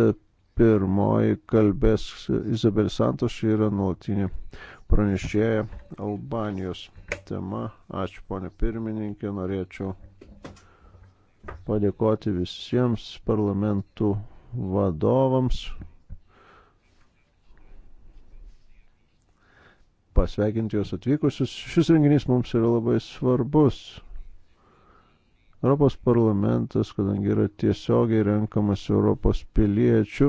pirmoji kalbės Izabel Santos yra nuolatinė pranešėja Albanijos tema. Ačiū, ponė pirmininkė, norėčiau padėkoti visiems parlamentų vadovams. Pasveikinti juos atvykusius. Šis renginys mums yra labai svarbus. Europos parlamentas, kadangi yra tiesiogiai renkamas Europos piliečių,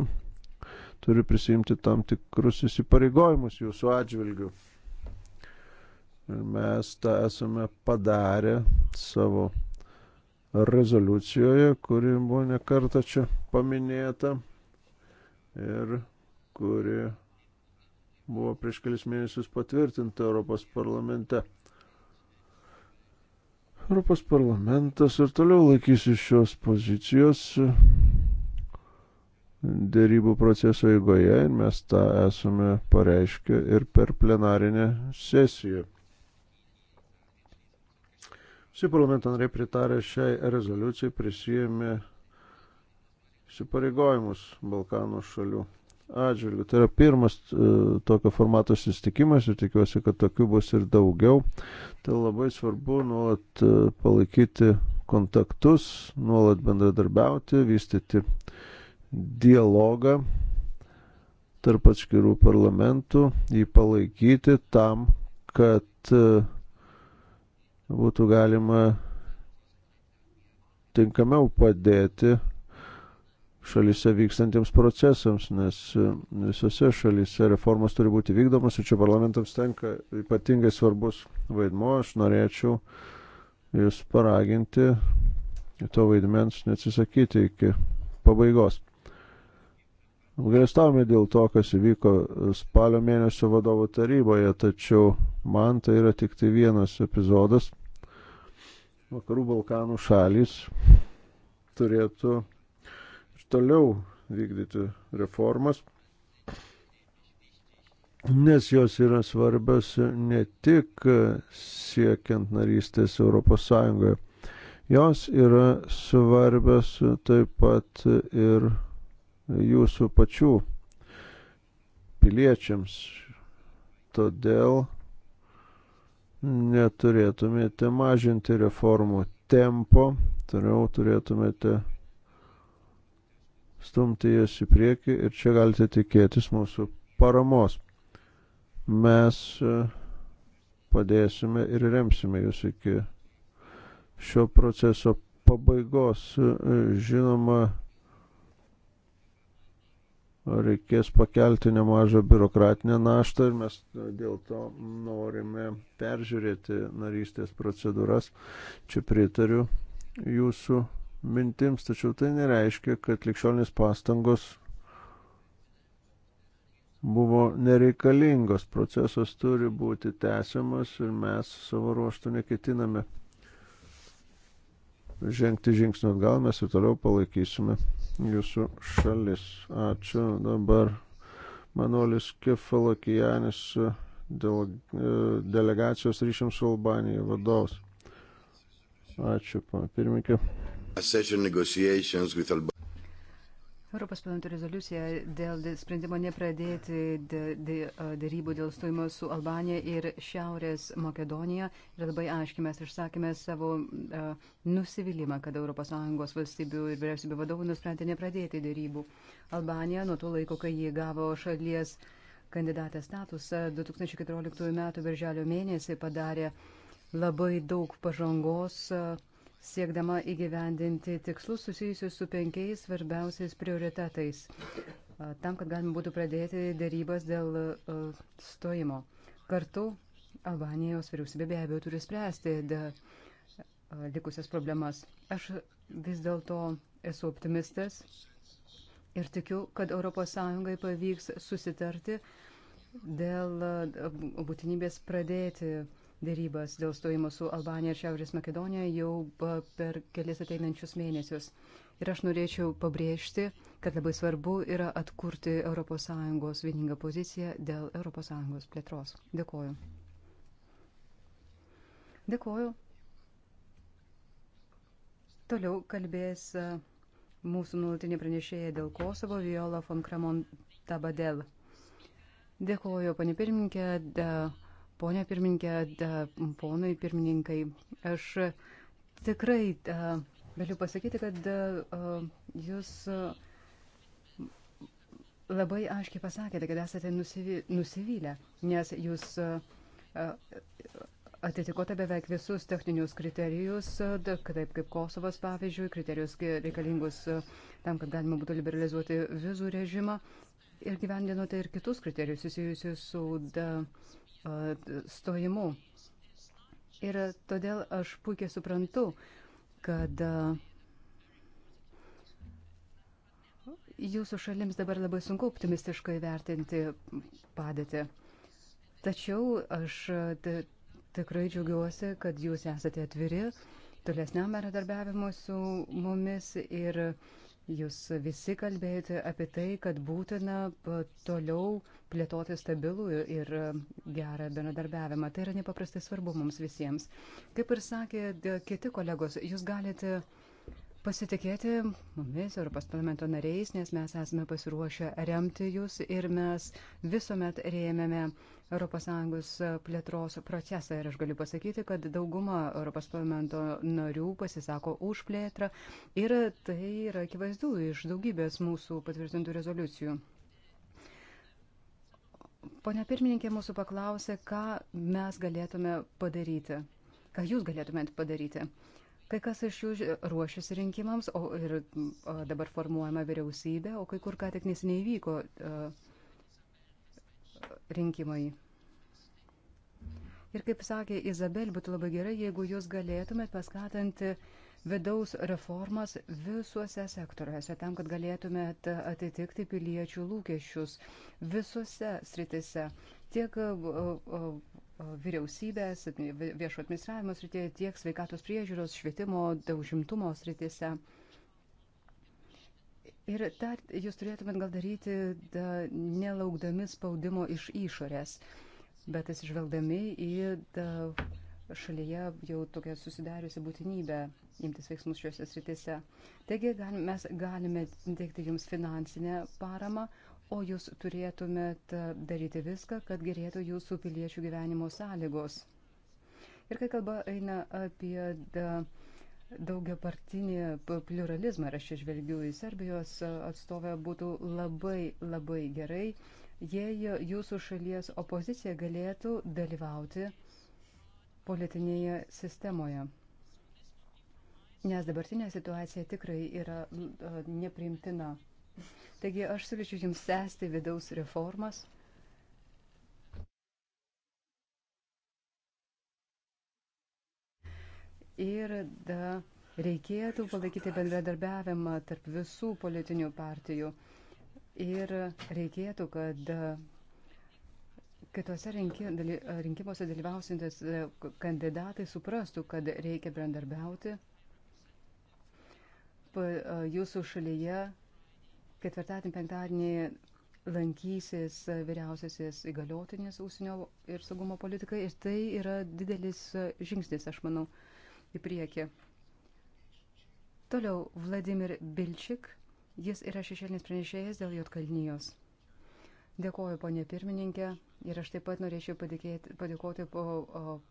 turi prisimti tam tikrus įsipareigojimus jūsų atžvilgių. Ir mes tą esame padarę savo rezoliucijoje, kuri buvo nekarta čia paminėta ir kuri buvo prieš kelis mėnesius patvirtinta Europos parlamente. Europos parlamentas ir toliau laikysi šios pozicijos dėrybų proceso eigoje ir mes tą esame pareiškę ir per plenarinę sesiją. Visi parlamento nariai pritarė šiai rezoliucijai prisijėmė įsipareigojimus Balkanų šalių atžvilgių. Tai yra pirmas e, tokio formato susitikimas ir tikiuosi, kad tokių bus ir daugiau. Tai labai svarbu nuolat e, palaikyti kontaktus, nuolat bendradarbiauti, vystyti dialogą tarp atskirų parlamentų, jį palaikyti tam, kad e, būtų galima tinkamiau padėti šalyse vykstantiems procesams, nes e, visose šalyse reformos turi būti vykdomas ir čia parlamentams tenka ypatingai svarbus vaidmo. Aš norėčiau jūs paraginti to vaidmens neatsisakyti iki pabaigos. Apgailestavome dėl to, kas įvyko spalio mėnesio vadovo taryboje, tačiau man tai yra tik tai vienas epizodas. Vakarų Balkanų šalis turėtų toliau vykdyti reformas, nes jos yra svarbios ne tik siekiant narystės Europos Sąjungoje, jos yra svarbios taip pat ir jūsų pačių piliečiams. Todėl neturėtumėte mažinti reformų tempo, toliau turėtumėte stumti jas į priekį ir čia galite tikėtis mūsų paramos. Mes e, padėsime ir remsime jūs iki šio proceso pabaigos. E, e, žinoma, reikės pakelti nemažą biurokratinę naštą ir mes dėl to norime peržiūrėti narystės procedūras. Čia pritariu jūsų mintims, tačiau tai nereiškia, kad likščionis pastangos buvo nereikalingos. Procesas turi būti tęsiamas ir mes savo ruoštų neketiname žengti žingsnį atgal, mes ir toliau palaikysime jūsų šalis. Ačiū dabar Manolis Kefalokijanis, e, delegacijos ryšiams su Albanija vadovas. Ačiū, pirmininkė. Europos parlamento rezoliucija dėl sprendimo nepradėti dėrybų dėl stojimo su Albanija ir Šiaurės Makedonija ir labai aiškiai mes išsakėme savo uh, nusivylimą, kad ES valstybių ir vyriausybių vadovų nusprendė nepradėti dėrybų. Albanija nuo to laiko, kai jį gavo šalies kandidatės statusą 2014 m. birželio mėnesį padarė labai daug pažangos. Uh, siekdama įgyvendinti tikslus susijusius su penkiais svarbiausiais prioritetais, tam, kad galima būtų pradėti dėrybas dėl stojimo. Kartu Albanijos vyriausybė be abejo turi spręsti likusias problemas. Aš vis dėlto esu optimistas ir tikiu, kad ES pavyks susitarti dėl būtinybės pradėti uh, dėrybas dėl stojimo su Albanija ir Šiaurės Makedonija jau per kelias ateinančius mėnesius. Ir aš norėčiau pabrėžti, kad labai svarbu yra atkurti ES vieningą poziciją dėl ES plėtros. Dėkoju. Dėkoju. Toliau kalbės mūsų nuolatinė pranešėja dėl Kosovo Viola von Kramon Tabadel. Dėkoju, panė pirmininkė, Pone pirmininkė, ponai pirmininkai, aš tikrai galiu pasakyti, kad jūs labai aiškiai pasakėte, kad esate nusivy, nusivylę, nes jūs atitikote beveik visus techninius kriterijus, taip kaip Kosovas, pavyzdžiui, kriterijus reikalingus tam, kad galima būtų liberalizuoti vizų režimą ir gyvendinote ir kitus kriterijus susijusius su da, uh, stojimu. Ir todėl aš puikiai suprantu, kad jūsų šalims dabar labai sunku optimistiškai vertinti padėtį. Tačiau aš tikrai džiaugiuosi, kad jūs esate atviri tolesniam bendradarbiavimui su mumis ir Jūs visi kalbėjote apie tai, kad būtina toliau plėtoti stabilų ir e, gerą bendradarbiavimą. Tai yra nepaprastai svarbu mums visiems. Kaip ir sakė e, kiti kolegos, jūs galite pasitikėti mumis, Europos parlamento nariais, nes mes esame pasiruošę remti jūs ir mes visuomet rėmėme ES plėtros procesą. Ir aš galiu pasakyti, kad dauguma Europos parlamento narių pasisako už plėtrą ir tai yra akivaizdu iš daugybės mūsų patvirtintų rezoliucijų. Pone pirmininkė mūsų paklausė, ką mes galėtume padaryti, ką jūs galėtumėt padaryti. Kai kas iš jų ruošiasi rinkimams, o ir o dabar formuojama vyriausybė, o kai kur ką tik nesiniai vyko e, rinkimai. Ir kaip sakė Izabel, būtų labai gerai, jeigu jūs galėtumėt paskatinti uh, vidaus reformas visuose sektoriuose, tam, kad galėtumėt atitikti piliečių lūkesčius visuose sritise, tiek e, e, e, vyriausybės, viešo administravimo srityje, tiek sveikatos priežiūros, švietimo, daužimtumo sritise. Ir dar jūs turėtumėt gal daryti da, nelaukdami spaudimo iš išorės, bet atsižvelgdami į da, šalyje jau tokią susidariusią būtinybę imtis veiksmus šiuose sritise. Taigi gal, mes galime teikti jums finansinę paramą, o jūs turėtumėt e, daryti viską, kad gerėtų jūsų piliečių gyvenimo sąlygos. Ir kai kalba eina apie da, e, daugiapartinį pluralizmą, ir aš išvelgiu į Serbijos e, atstovę, būtų labai, labai gerai, jei jūsų šalies opozicija galėtų dalyvauti politinėje sistemoje nes dabartinė situacija tikrai yra e, nepriimtina. Taigi aš siūlyčiau jums tęsti vidaus reformas. Ir da, reikėtų palaikyti bendradarbiavimą tarp visų politinių partijų. Ir reikėtų, kad e, kitose e, rinkimuose dalyvausintis kandidatai suprastų, kad reikia bendradarbiauti E, jūsų šalyje ketvirtadienį, penktadienį lankysis e, vyriausiasis įgaliotinis ūsinio ir saugumo politikai ir tai yra didelis e, žingsnis, aš manau, į priekį. Toliau Vladimir Bilčik, jis yra šešėlinis pranešėjas dėl Jotkalnyjos. Dėkoju, ponė pirmininkė, ir aš taip pat norėčiau padėkėti, padėkoti po,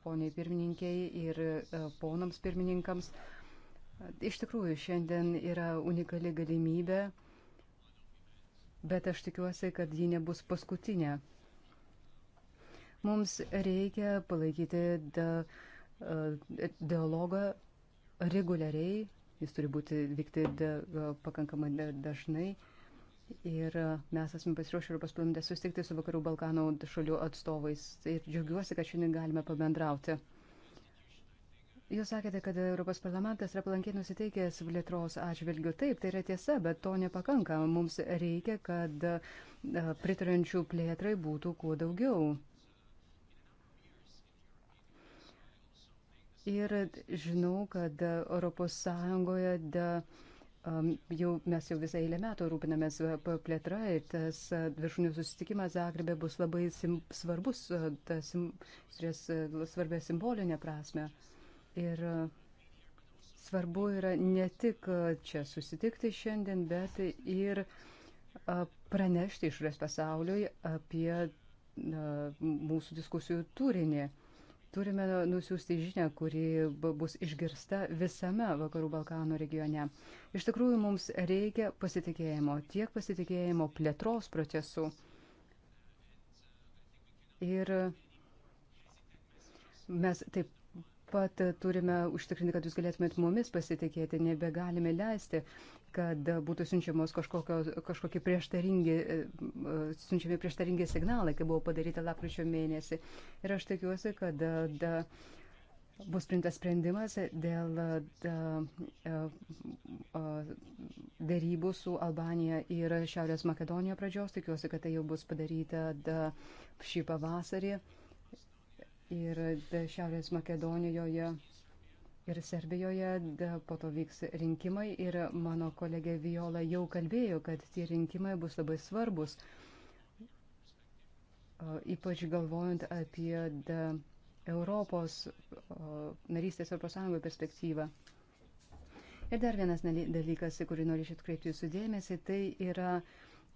poniai pirmininkiai ir ponams pirmininkams. Iš tikrųjų, šiandien yra unikali galimybė, bet aš tikiuosi, kad ji nebus paskutinė. Mums reikia palaikyti dialogą reguliariai, jis turi būti vykti pakankamai dažnai. Ir mes esame pasiruošę Europos parlamente susitikti su Vakarų Balkanų šalių atstovais. Ir džiaugiuosi, kad šiandien galime pabendrauti. Jūs sakėte, kad Europos parlamentas yra palankiai nusiteikęs plėtros atžvilgių. Taip, tai yra tiesa, bet to nepakanka. Mums reikia, kad e, pritarančių plėtrai būtų kuo daugiau. Ir žinau, kad Europos Sąjungoje da, um, jau, mes jau visą eilę metų rūpinamės e, plėtra ir tas e, viršūnių susitikimas Zagrebė bus labai sim, svarbus, tas sim, turės svarbę simbolinę prasme. Uh, Ir e, svarbu yra ne tik e, čia susitikti šiandien, bet ir e, pranešti išorės pasauliui apie mūsų diskusijų turinį. Turime nusiųsti žinę, kuri bus išgirsta visame Vakarų Balkanų regione. Iš tikrųjų, mums reikia pasitikėjimo, tiek pasitikėjimo plėtros procesų. Ir mes taip pat turime užtikrinti, kad jūs galėtumėt mumis pasitikėti, nebegalime leisti, kad būtų siunčiamos kažkokie prieštaringi, siunčiami prieštaringi signalai, kai buvo padaryta lapkričio mėnesį. Ir aš tikiuosi, kad da, bus printas sprendimas dėl da, darybų su Albanija ir Šiaurės Makedonija pradžios. Tikiuosi, kad tai jau bus padaryta da, šį pavasarį ir e, Šiaurės Makedonijoje ir Serbijoje, po to vyks rinkimai ir mano kolegė Viola jau kalbėjo, kad tie rinkimai bus labai svarbus, ypač galvojant apie Europos narystės Europos Sąjungoje perspektyvą. Ir dar vienas dalykas, į kurį norėčiau atkreipti jūsų dėmesį, tai yra uh,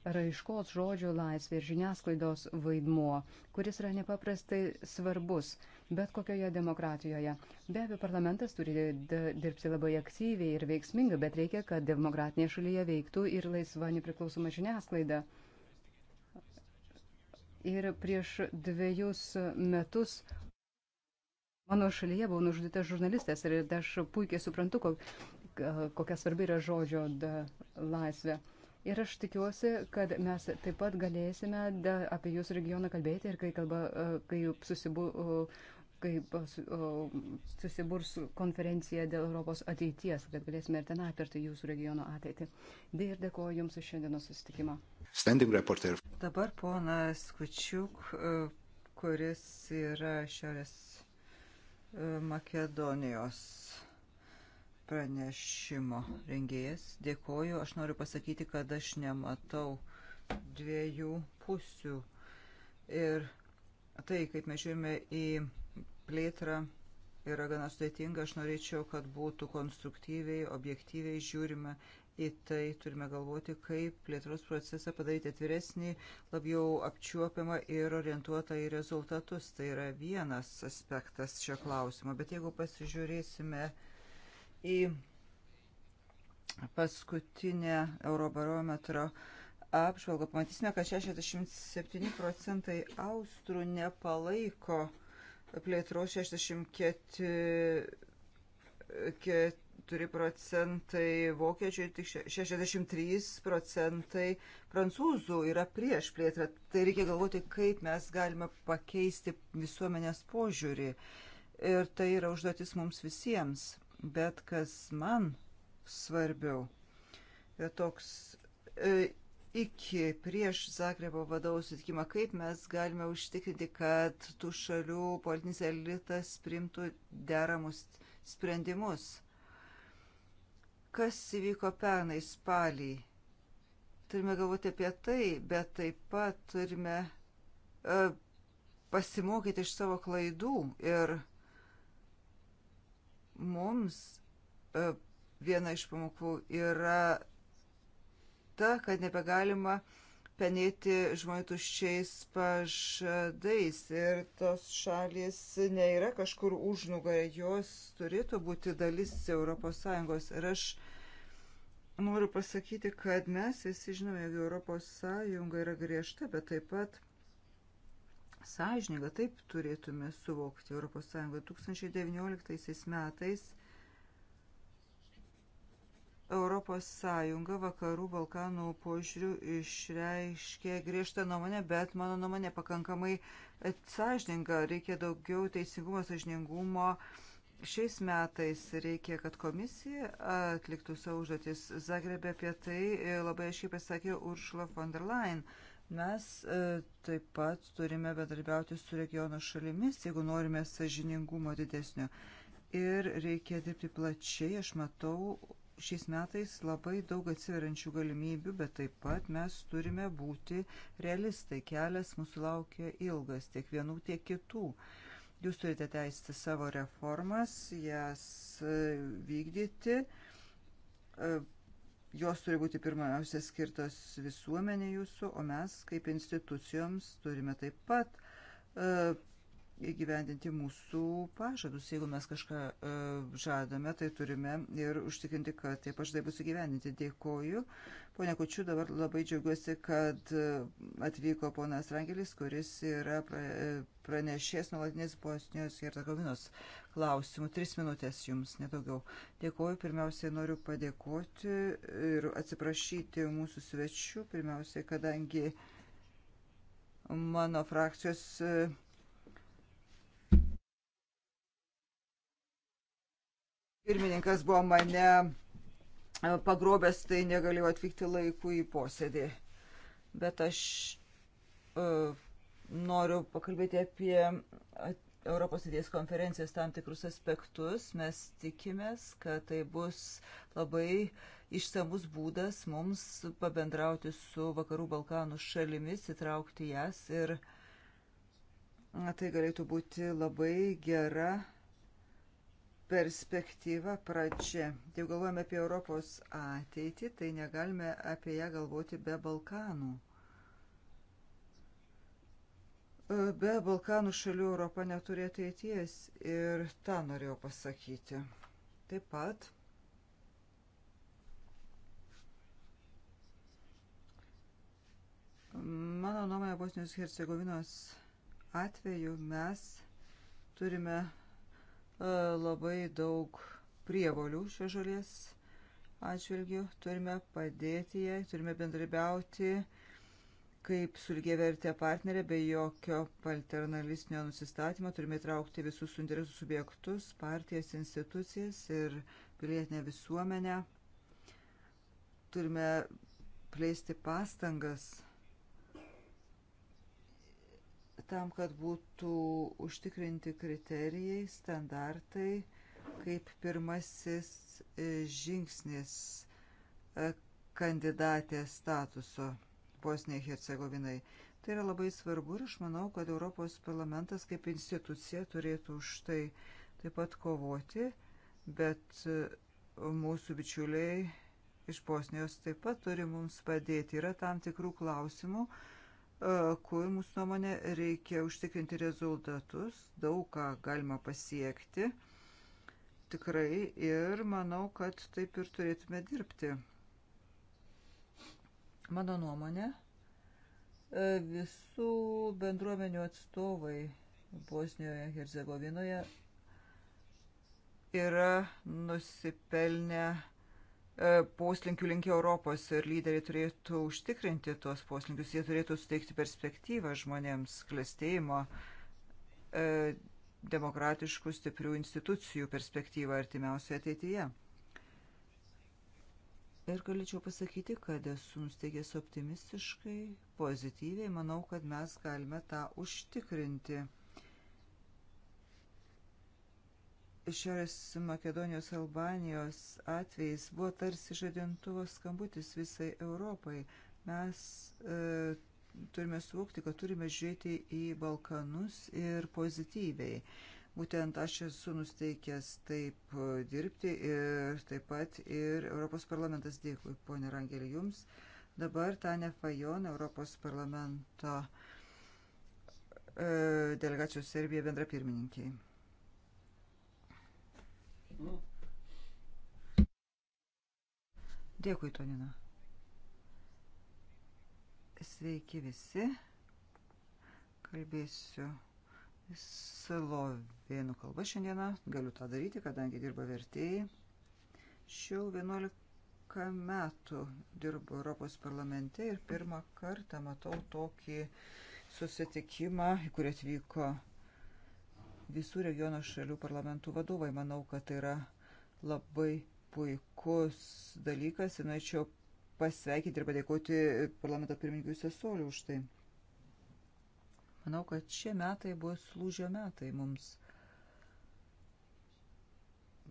raiškos žodžio laisvė ir žiniasklaidos vaidmuo, kuris yra nepaprastai svarbus bet kokioje demokratijoje. Be abejo, parlamentas turi dirbti labai aktyviai ir veiksmingai, bet reikia, kad demokratinėje šalyje veiktų ir laisva nepriklausoma žiniasklaida. Ir prieš dviejus metus mano šalyje buvo nužudytas žurnalistas ir aš puikiai suprantu, kokia svarbi yra žodžio laisvė. Ir aš tikiuosi, kad mes taip pat galėsime da, apie jūsų regioną kalbėti ir kai, kalba, kai, susibu, kai susiburs konferencija dėl Europos ateities, kad galėsime ir ten aptarti jūsų regiono ateitį. Dė ir dėkoju Jums už šiandienos susitikimą. Dabar ponas Kučiuk, e, kuris yra Šiaurės e, Makedonijos pranešimo rengėjas. Dėkoju. Aš noriu pasakyti, kad aš nematau dviejų pusių. Ir tai, kaip mes žiūrime į plėtrą, yra gana sudėtinga. Aš norėčiau, kad būtų konstruktyviai, objektyviai žiūrime į tai. Turime galvoti, kaip plėtros procesą padaryti atviresnį, labiau apčiuopiamą ir orientuotą į rezultatus. Tai yra vienas aspektas šio klausimo. Bet jeigu pasižiūrėsime į paskutinę Eurobarometro apžvalgą, pamatysime, kad 67 procentai austrų nepalaiko plėtros, 64 procentai vokiečių ir tik 63 procentai prancūzų yra prieš plėtrą. Tai reikia galvoti, kaip mes galime pakeisti visuomenės požiūrį. Ir tai yra užduotis mums visiems. Bet kas man svarbiau, e, toks e, iki prieš Zagrebo vadovų sutikimą, kaip mes galime užtikrinti, kad tų šalių politinis elitas primtų deramus sprendimus. Kas įvyko pernai spalį? Turime galvoti apie tai, bet taip pat turime e, pasimokyti iš savo klaidų ir Mums e, viena iš pamokų yra ta, kad nebegalima penėti žmonių tuščiais pažadais ir tos šalis nėra kažkur užnugarė, jos turėtų būti dalis ES. Ir aš noriu pasakyti, kad mes visi žinome, jog ES yra griežta, bet taip pat sąžininga, taip turėtume suvokti ES 2019 metais. Europos Sąjunga vakarų Balkanų požiūrių išreiškė griežtą nuomonę, bet mano nuomonė pakankamai sąžininga, reikia daugiau teisingumo, sąžiningumo. Šiais metais reikia, kad komisija atliktų savo užduotis. Zagrebė apie tai labai aiškiai pasakė Uršula von der Leyen. Uh, Mes e, taip pat turime bedarbiauti su regiono šalimis, jeigu norime sažiningumo didesnio. Ir reikia dirbti plačiai. Aš matau šiais metais labai daug atsiverančių galimybių, bet taip pat mes turime būti realistai. Kelias mūsų laukia ilgas, tiek vienų, tiek kitų. Jūs turite teisti savo reformas, jas e, vykdyti, e, Jos turi būti pirmiausia skirtos visuomenė jūsų, o mes kaip institucijoms turime taip pat e, įgyvendinti mūsų pažadus. Jeigu mes kažką e, žadame, tai turime ir užtikrinti, kad tie pažadai bus įgyvendinti. Dėkoju. Pone Kučiu, dabar labai džiaugiuosi, kad e, atvyko ponas Rangelis, kuris yra e, pranešės nuolatinės Bosnijos ir Hercegovinos klausimų. Tris minutės jums, nedaugiau. Dėkoju. Pirmiausiai noriu padėkoti ir atsiprašyti mūsų svečių. Pirmiausiai, kadangi mano frakcijos Pirmininkas buvo mane e, pagrobęs, tai negalėjau atvykti laiku į posėdį. Bet aš uh, noriu pakalbėti apie Europos idėjos konferencijos tam tikrus aspektus. Mes tikimės, kad tai bus labai išsamus būdas mums pabendrauti su Vakarų Balkanų šalimis, įtraukti jas ir tai galėtų būti labai gera perspektyva pradžia. Jeigu galvojame apie Europos ateitį, tai negalime apie ją galvoti be Balkanų. E, be Balkanų šalių Europa neturi ateities ir tą norėjau pasakyti. Taip pat mano nuomonė Bosnijos Hercegovinos atveju mes turime E, labai daug prievolių šios žolės atžvilgių. Turime padėti jai, turime bendrabiauti kaip sulgiavertė partnerė be jokio paternalistinio nusistatymo turime traukti visus suinteresus subjektus, partijas, institucijas ir pilietinę visuomenę. Turime plėsti pastangas tam, kad būtų užtikrinti kriterijai, standartai, kaip pirmasis e, žingsnis e, kandidatės statuso Bosnijai Hercegovinai. Tai yra labai svarbu ir aš manau, kad Europos parlamentas kaip institucija turėtų už tai taip pat kovoti, bet e, mūsų bičiuliai iš Bosnijos taip pat turi mums padėti. Yra tam tikrų klausimų, uh, kur mūsų nuomonė reikia užtikrinti rezultatus, daug ką galima pasiekti tikrai ir manau, kad taip ir turėtume dirbti. Mano nuomonė, e, visų bendruomenių atstovai Bosnijoje, Herzegovinoje yra nusipelnę E, poslinkių link Europos ir lyderiai turėtų užtikrinti tuos poslinkius, jie turėtų suteikti perspektyvą žmonėms klestėjimo, e, demokratiškų stiprių institucijų perspektyvą artimiausioje ateityje. Ir galėčiau pasakyti, kad esu nusteigęs optimistiškai, pozityviai, manau, kad mes galime tą užtikrinti. Šiaurės Makedonijos Albanijos atvejais buvo tarsi žadintuvo skambutis visai Europai. Mes e, turime suvokti, kad turime žiūrėti į Balkanus ir pozityviai. Būtent aš esu nusteikęs taip e, dirbti ir taip pat ir Europos parlamentas dėkui, ponė Rangelė, jums. Dabar Tane Fajon, Europos parlamento e, delegacijos Serbija bendra pirmininkiai. Dėkui, Tonina. Sveiki visi. Kalbėsiu slovėnų kalba šiandieną. Galiu tą daryti, kadangi dirba vertėjai. Šiau 11 metų dirbu Europos parlamente ir pirmą kartą matau tokį susitikimą, į kurį atvyko visų regiono šalių parlamentų vadovai. Manau, kad tai yra labai puikus dalykas ir norėčiau pasveikinti ir padėkoti parlamento pirmininkui Sesoliu už tai. Manau, kad šie metai bus lūžio metai mums.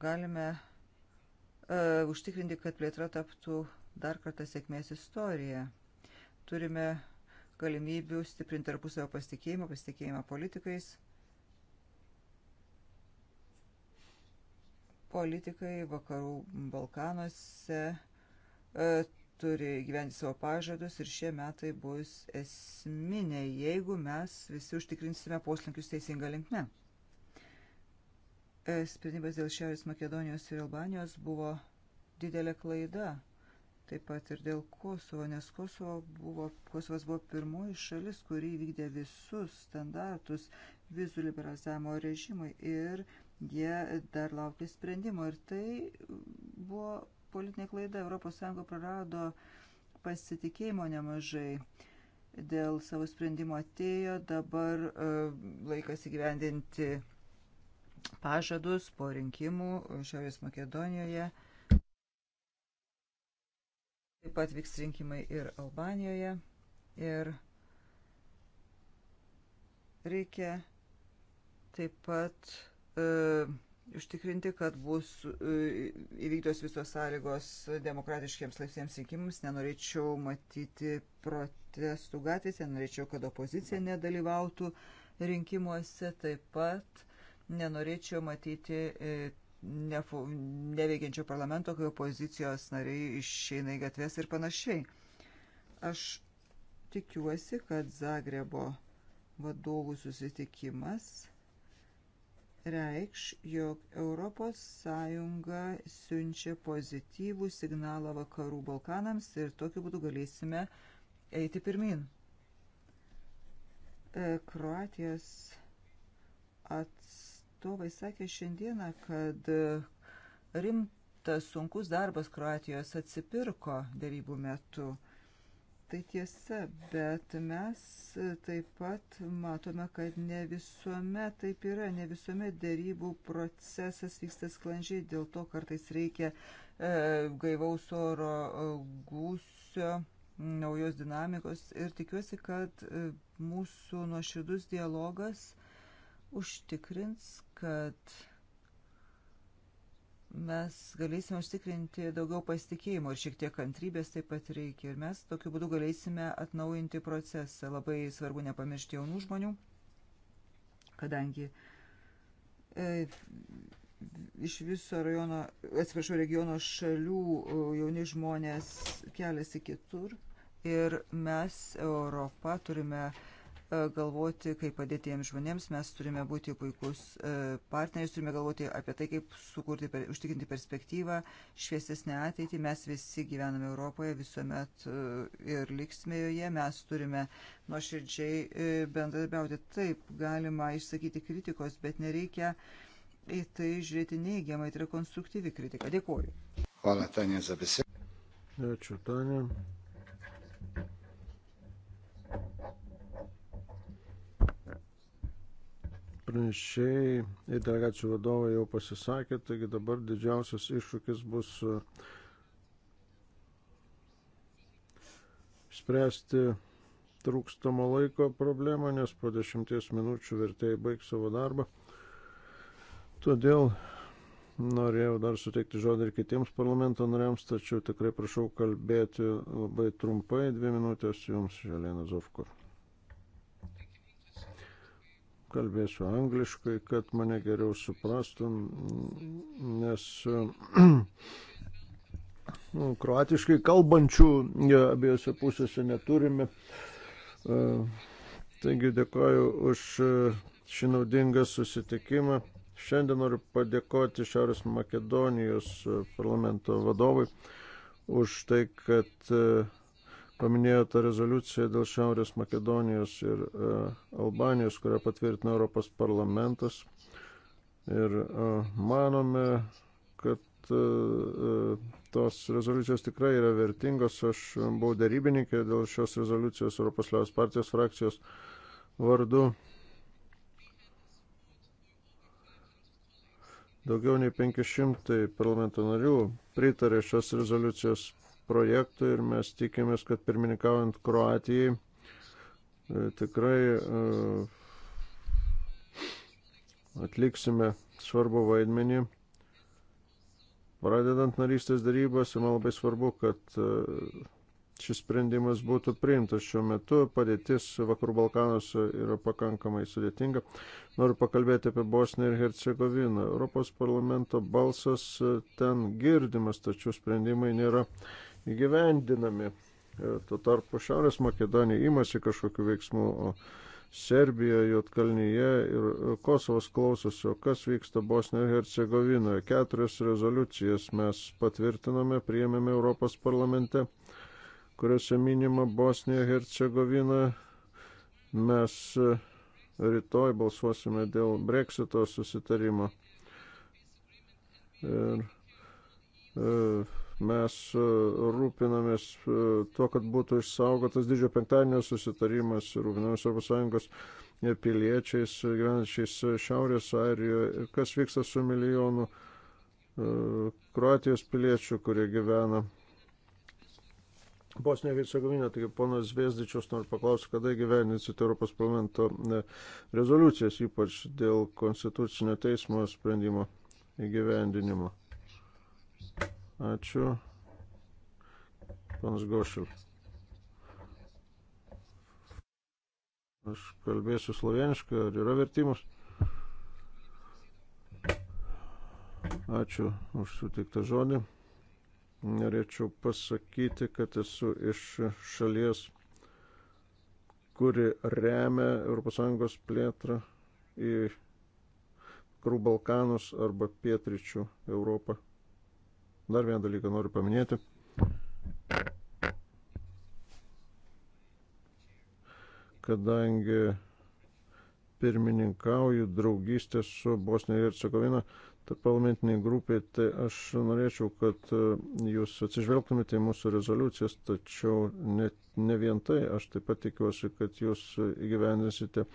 Galime uh, užtikrinti, kad plėtra taptų dar kartą sėkmės istorija. Turime galimybių stiprinti tarpusavio pasitikėjimą, pasitikėjimą politikais. politikai vakarų Balkanuose e, turi gyventi savo pažadus ir šie metai bus esminiai, jeigu mes visi užtikrinsime poslinkius teisinga linkme. Sprendimas dėl Šiaurės Makedonijos ir Albanijos buvo didelė klaida. Taip pat ir dėl Kosovo, nes Kosovo buvo, Kosovas buvo pirmoji šalis, kuri vykdė visus standartus vizų liberalizavimo režimui ir uh, jie dar laukia sprendimo. Ir tai buvo politinė klaida. ES prarado pasitikėjimo nemažai. Dėl savo sprendimo atėjo dabar e, laikas įgyvendinti pažadus po rinkimų Šiaurės Makedonijoje. Taip pat vyks rinkimai ir Albanijoje. Ir reikia taip pat E, užtikrinti, kad bus e, įvykdytos visos sąlygos demokratiškiams laisviems rinkimams. Nenorėčiau matyti protestų gatvėse, nenorėčiau, kad opozicija nedalyvautų rinkimuose. Taip pat nenorėčiau matyti e, neveikiančio parlamento, kai opozicijos nariai išeina į gatves ir panašiai. Aš tikiuosi, kad Zagrebo vadovų susitikimas reikš, jog ES siunčia pozityvų signalą vakarų Balkanams ir tokiu būdu galėsime eiti pirmin. E, Kroatijos atstovai sakė šiandieną, kad rimtas sunkus darbas Kroatijos atsipirko darybų metu tai tiesa, bet mes taip pat matome, kad ne visuomet taip yra, ne visuomet dėrybų procesas vyksta sklandžiai, dėl to kartais reikia e, gaivaus oro e, gūsio, naujos dinamikos ir tikiuosi, kad e, mūsų nuoširdus dialogas užtikrins, kad mes galėsime užtikrinti daugiau pasitikėjimo ir šiek tiek kantrybės taip pat reikia. Ir mes tokiu būdu galėsime atnaujinti procesą. Labai svarbu nepamiršti jaunų žmonių, kadangi e, iš viso rajono, atsiprašau, regiono šalių e, jauni žmonės keliasi kitur. Ir mes Europą turime e, E, galvoti, kaip padėti jiems žmonėms, mes turime būti puikus e, partneriais, turime galvoti apie tai, kaip sukurti, per, užtikrinti perspektyvą, šviesesnę ateitį. Mes visi gyvename Europoje, visuomet e, ir liksime joje, mes turime nuoširdžiai bendradarbiauti. Taip, galima išsakyti kritikos, bet nereikia į tai žiūrėti neigiamai, tai yra konstruktyvi kritika. Dėkuoju. Hvala, Tanja, za besedo. Ačiū, Tanja. pranešėjai ir delegacijų vadovai jau pasisakė, taigi dabar didžiausias iššūkis bus uh, spręsti trūkstamo laiko problemą, nes po dešimties minučių vertėjai baigs savo darbą. Todėl norėjau dar suteikti žodį ir kitiems parlamento nariams, tačiau tikrai prašau kalbėti labai trumpai, dvi minutės jums, Želėna Zovkur kalbėsiu angliškai, kad mane geriau suprastum, nes nu, kroatiškai kalbančių abiejose pusėse neturime. E, taigi dėkoju už e, šį naudingą susitikimą. Šiandien noriu padėkoti Šiaurės Makedonijos e, parlamento vadovui už tai, kad paminėjote rezoliuciją dėl Šiaurės Makedonijos ir e, Albanijos, kurią patvirtino Europos parlamentas. Ir e, manome, kad e, tos rezoliucijos tikrai yra vertingos. Aš buvau darybininkė dėl šios rezoliucijos Europos Liaus partijos frakcijos vardu. Daugiau nei 500 parlamento narių pritarė šios rezoliucijos projektų ir mes tikimės, kad pirmininkaujant Kroatijai e, tikrai e, atliksime svarbu vaidmenį. Pradedant narystės darybas, man labai svarbu, kad e, šis sprendimas būtų priimtas šiuo metu. Padėtis Vakarų Balkanuose yra pakankamai sudėtinga. Noriu pakalbėti apie Bosniją ir Hercegoviną. Europos parlamento balsas ten girdimas, tačiau sprendimai nėra įgyvendinami. Tuo tarpu Šiaurės Makedonija imasi kažkokiu veiksmu, o Serbija, Jotkalnyje ir Kosovas klausosi, o kas vyksta Bosnijoje ir Hercegovinoje. Keturias rezoliucijas mes patvirtiname, priėmėme Europos parlamente, kuriuose minima Bosnija, Hercegovina. Mes e, rytoj balsuosime dėl Brexito susitarimo. Ir, ir, e, mes e, rūpinamės e, tuo, kad būtų išsaugotas didžiojo penktadienio susitarimas, rūpinamės Europos Sąjungos piliečiais, gyvenančiais Šiaurės Airijoje ir kas vyksta su milijonu e, Kroatijos piliečių, kurie gyvena Bosnijoje Vicegovinė, taigi ponas Vėzdičius noriu paklausti, kada gyveninsite Europos parlamento rezoliucijas, ypač dėl konstitucinio teismo sprendimo įgyvendinimo. Ačiū. Panas Gošil. Aš kalbėsiu sloveniškai, ar yra vertimas? Ačiū už sutiktą žodį. Norėčiau pasakyti, kad esu iš šalies, kuri remia ES plėtrą į Krų Balkanus arba Pietričių Europą. Dar vieną dalyką noriu paminėti. Kadangi pirmininkauju draugystės su Bosnija ir Cekovina, ta parlamentiniai grupė, tai aš norėčiau, kad e, jūs atsižvelgtumėte į mūsų rezoliucijas, tačiau ne, ne vien tai, aš taip pat tikiuosi, kad jūs įgyvendinsite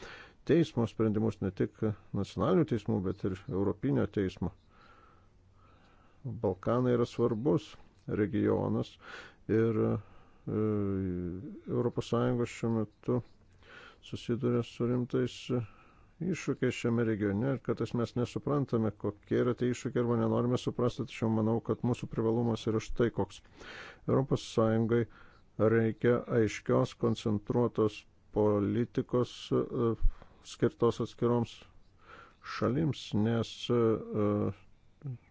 teismo sprendimus ne tik nacionalinių teismų, bet ir Europinio teismo. Balkanai yra svarbus regionas ir ES šiuo metu susiduria su rimtais e, iššūkiai šiame regione ir kartais mes nesuprantame, kokie yra tie iššūkiai arba nenorime suprasti, tačiau manau, kad mūsų privalumas yra štai koks. ES reikia aiškios, koncentruotos politikos e, skirtos atskiroms šalims, nes uh,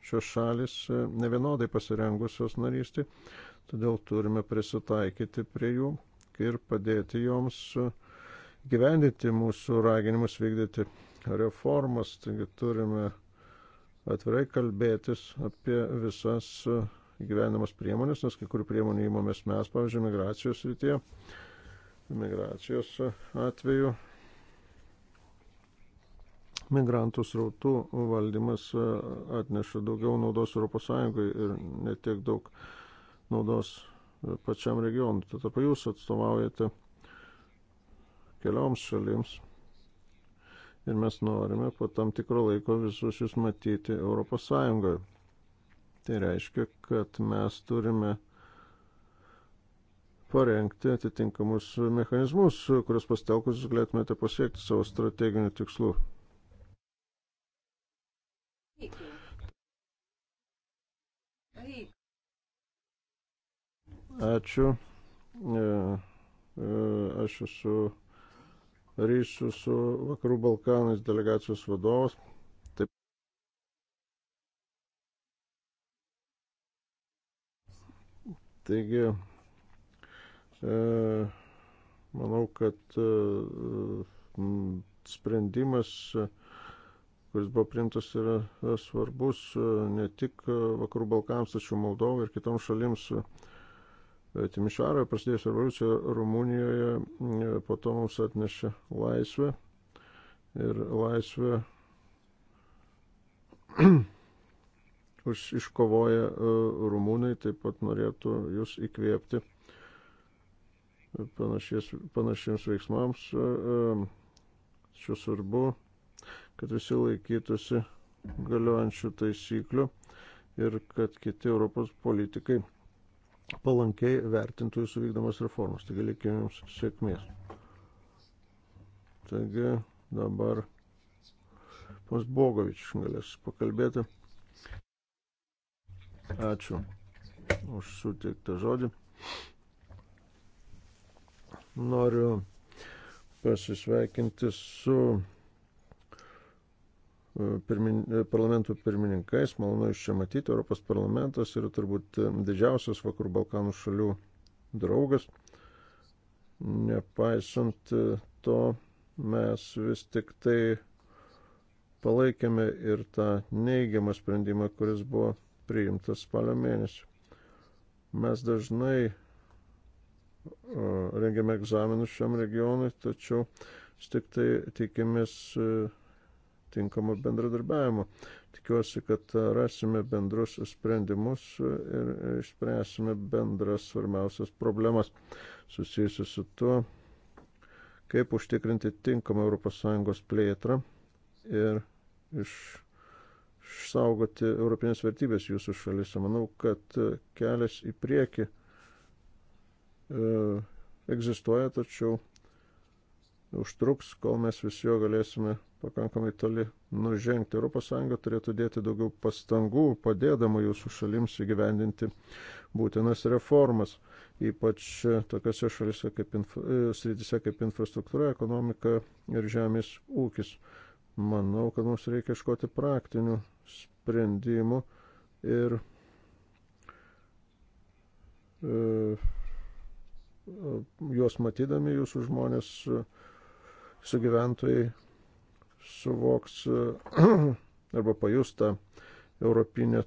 šios šalis e, nevienodai pasirengusios narystį, todėl turime prisitaikyti prie jų ir padėti joms e, gyvendyti mūsų raginimus vykdyti reformas. Taigi turime atvirai kalbėtis apie visas e, gyvenimas priemonės, nes kai kurių priemonių įmomės mes, pavyzdžiui, migracijos rytie, migracijos atveju migrantų srautų valdymas e, atneša daugiau naudos ES ir netiek daug naudos e, pačiam regionui. Tad apie jūs atstovaujate kelioms šalims ir mes norime po tam tikro laiko visus jūs matyti ES. Tai reiškia, kad mes turime parengti atitinkamus mechanizmus, kurios pastelkus galėtumėte pasiekti savo strateginių tikslų. Ačiū. E, e, aš esu ryšių su Vakarų Balkanais delegacijos vadovas. Taip. Taigi, e, manau, kad sprendimas uh, kuris buvo priimtas, yra e, svarbus e, ne tik e, Vakarų Balkams, tačiau Moldovai ir kitoms šalims. Timišvaroje prasidėjus revoliucija Rumunijoje po to mums atnešė laisvę ir laisvę už iškovoję rumūnai taip pat norėtų jūs įkvėpti panašies, panašiems veiksmams. Šiuo svarbu kad visi laikytųsi galiojančių taisyklių ir kad kiti Europos politikai palankiai vertintų jūsų vykdomas reformas. Taigi linkime jums sėkmės. Taigi dabar pas Bogovič galės pakalbėti. Ačiū už suteiktą žodį. Noriu pasisveikinti su pirmin, parlamentų pirmininkais. Malonu iš čia matyti. Europos parlamentas yra turbūt e, didžiausias vakarų Balkanų šalių draugas. Nepaisant e, to, mes vis tik tai palaikėme ir tą neigiamą sprendimą, kuris buvo priimtas spalio mėnesį. Mes dažnai rengiame egzaminus šiam regionui, tačiau tik tai tikimės e, tinkamo bendradarbiavimo. Tikiuosi, kad rasime bendrus sprendimus ir išspręsime bendras svarbiausias problemas susijusius su tuo, kaip užtikrinti tinkamą ES plėtrą ir iš išsaugoti europinės vertybės jūsų šalyse. Manau, kad kelias į priekį e, egzistuoja, tačiau užtruks, kol mes visi jo galėsime pakankamai toli nužengti. ES turėtų dėti daugiau pastangų, padėdama jūsų šalims įgyvendinti būtinas reformas, ypač tokiose šalise kaip, inf... E, srityse kaip infrastruktūra, ekonomika ir žemės ūkis. Manau, kad mums reikia iškoti praktinių sprendimų ir e, juos matydami jūsų žmonės e, su gyventojai suvoks arba pajusta europinę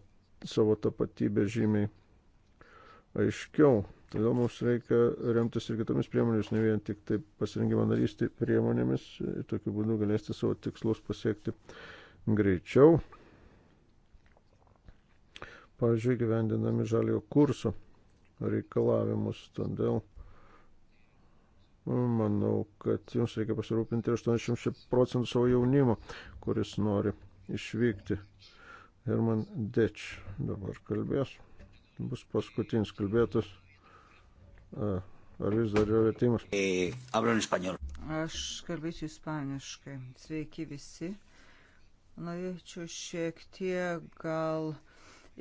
savo tapatybę žymiai aiškiau. Todėl mums reikia remtis ir kitomis priemonėmis, ne vien tik tai pasirinkimo narystį priemonėmis. Tokiu būdu galėsite savo tikslus pasiekti greičiau. Pavyzdžiui, gyvendinami žalio kurso reikalavimus. Todėl Manau, kad jums reikia pasirūpinti 80 procentų savo jaunimo, kuris nori išvykti. Herman Deč dabar kalbės. Bus paskutinis kalbėtas. Ar vis dar yra vertimas? Eh, Aš kalbėsiu ispaniškai. Sveiki visi. Norėčiau šiek tiek gal uh,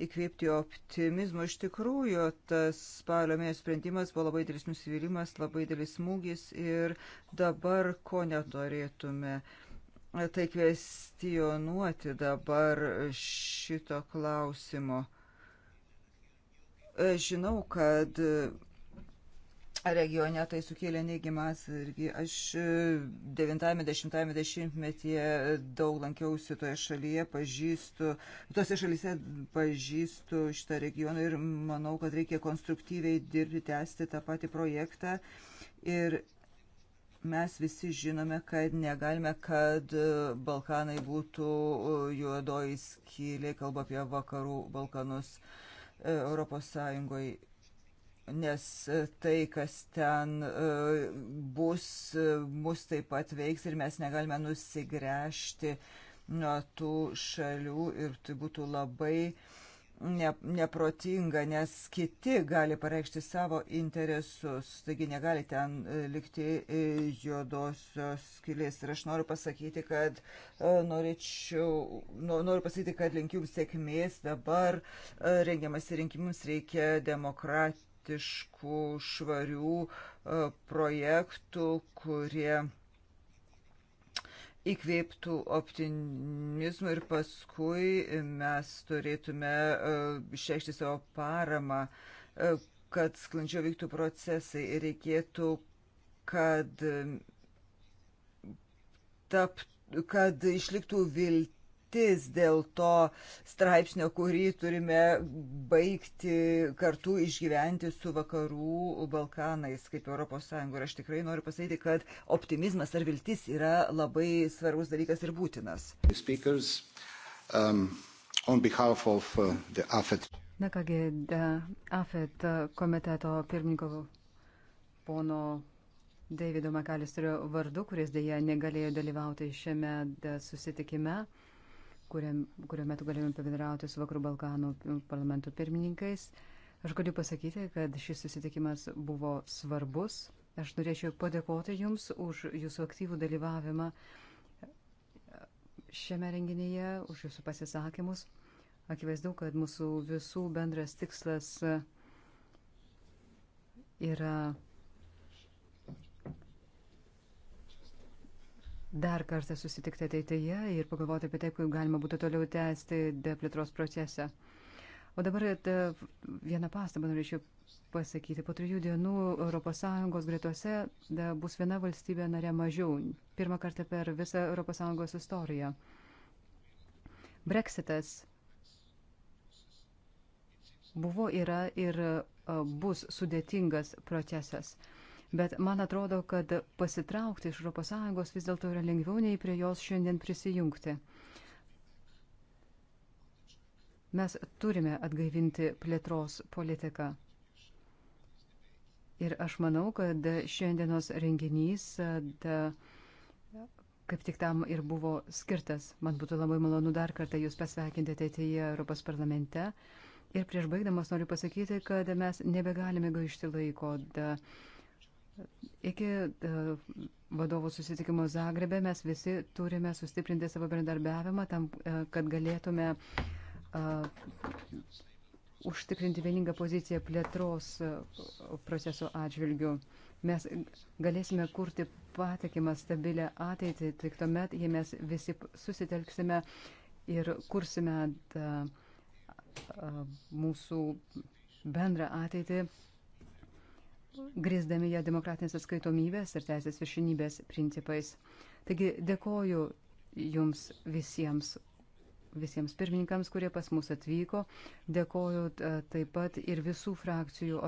įkvėpti optimizmo. Iš tikrųjų, tas spalio mėnesio sprendimas buvo labai didelis nusivylimas, labai didelis smūgis ir dabar ko neturėtume. Tai kvestionuoti dabar šito klausimo. Žinau, kad regione tai sukėlė neigiamas irgi. Aš 90-metyje e, daug lankiausi toje šalyje, pažįstu, tose šalyse pažįstu šitą regioną ir manau, kad reikia konstruktyviai dirbti, tęsti tą patį projektą. Ir mes visi žinome, kad negalime, kad e, Balkanai būtų e, juodoji skylė, kalba apie vakarų Balkanus Europos Sąjungoje nes tai, kas ten e, bus, e, mus taip pat veiks ir mes negalime nusigręžti nuo tų šalių ir tai būtų labai ne, neprotinga, nes kiti gali pareikšti savo interesus, taigi negali ten e, likti juodosios skilės. Ir aš noriu pasakyti, kad norėčiau, noriu pasakyti, kad linkiu jums sėkmės dabar rengiamas rinkimams reikia demokrat praktiškų, švarių e, projektų, kurie įkvėptų optimizmų ir paskui mes turėtume e, išreikšti savo paramą, e, kad sklandžiau vyktų procesai ir reikėtų, kad, tap, kad išliktų viltis mintis dėl to straipsnio, kurį turime baigti kartu išgyventi su vakarų Balkanais kaip ES. Ir aš tikrai noriu pasakyti, kad optimizmas ar viltis yra labai svarbus dalykas ir būtinas. Speakers, um, of, uh, Na kągi, AFET uh, komiteto pirmininko pono Davido Makalisterio vardu, kuris dėja negalėjo dalyvauti šiame susitikime kurio metu galėjome pabendrauti su Vakarų Balkanų parlamentų pirmininkais. Aš galiu pasakyti, kad šis susitikimas buvo svarbus. Aš norėčiau padėkoti Jums už Jūsų aktyvų dalyvavimą šiame renginyje, už Jūsų pasisakymus. Akivaizdu, kad mūsų visų bendras tikslas yra dar kartą susitikti ateityje ir pagalvoti apie tai, kaip galima būtų toliau tęsti plėtros procesą. O dabar e, vieną pastabą norėčiau pasakyti. Po trijų dienų ES gretose e, bus viena valstybė narė mažiau. Pirmą kartą per visą ES istoriją. Brexitas buvo, yra ir e, bus sudėtingas procesas bet man atrodo, kad pasitraukti iš ES vis dėlto yra lengviau nei prie jos šiandien prisijungti. Mes turime atgaivinti plėtros politiką. Ir aš manau, kad šiandienos renginys da, kaip tik tam ir buvo skirtas. Man būtų labai malonu dar kartą Jūs pasveikinti ateityje Europos parlamente. Ir prieš baigdamas noriu pasakyti, kad mes nebegalime gaišti laiko. Da, Iki e, vadovų susitikimo Zagrebė mes visi turime sustiprinti savo bendarbiavimą tam, e, kad galėtume uh, užtikrinti vieningą poziciją plėtros proceso atžvilgių. Mes galėsime kurti patikimą stabilę ateitį tik tuomet, jei mes visi susitelksime ir kursime tą, mūsų bendrą ateitį grįsdami ją demokratinės atskaitomybės ir teisės viršinybės principais. Taigi dėkoju Jums visiems, visiems pirmininkams, kurie pas mus atvyko. Dėkoju e, taip pat ir visų frakcijų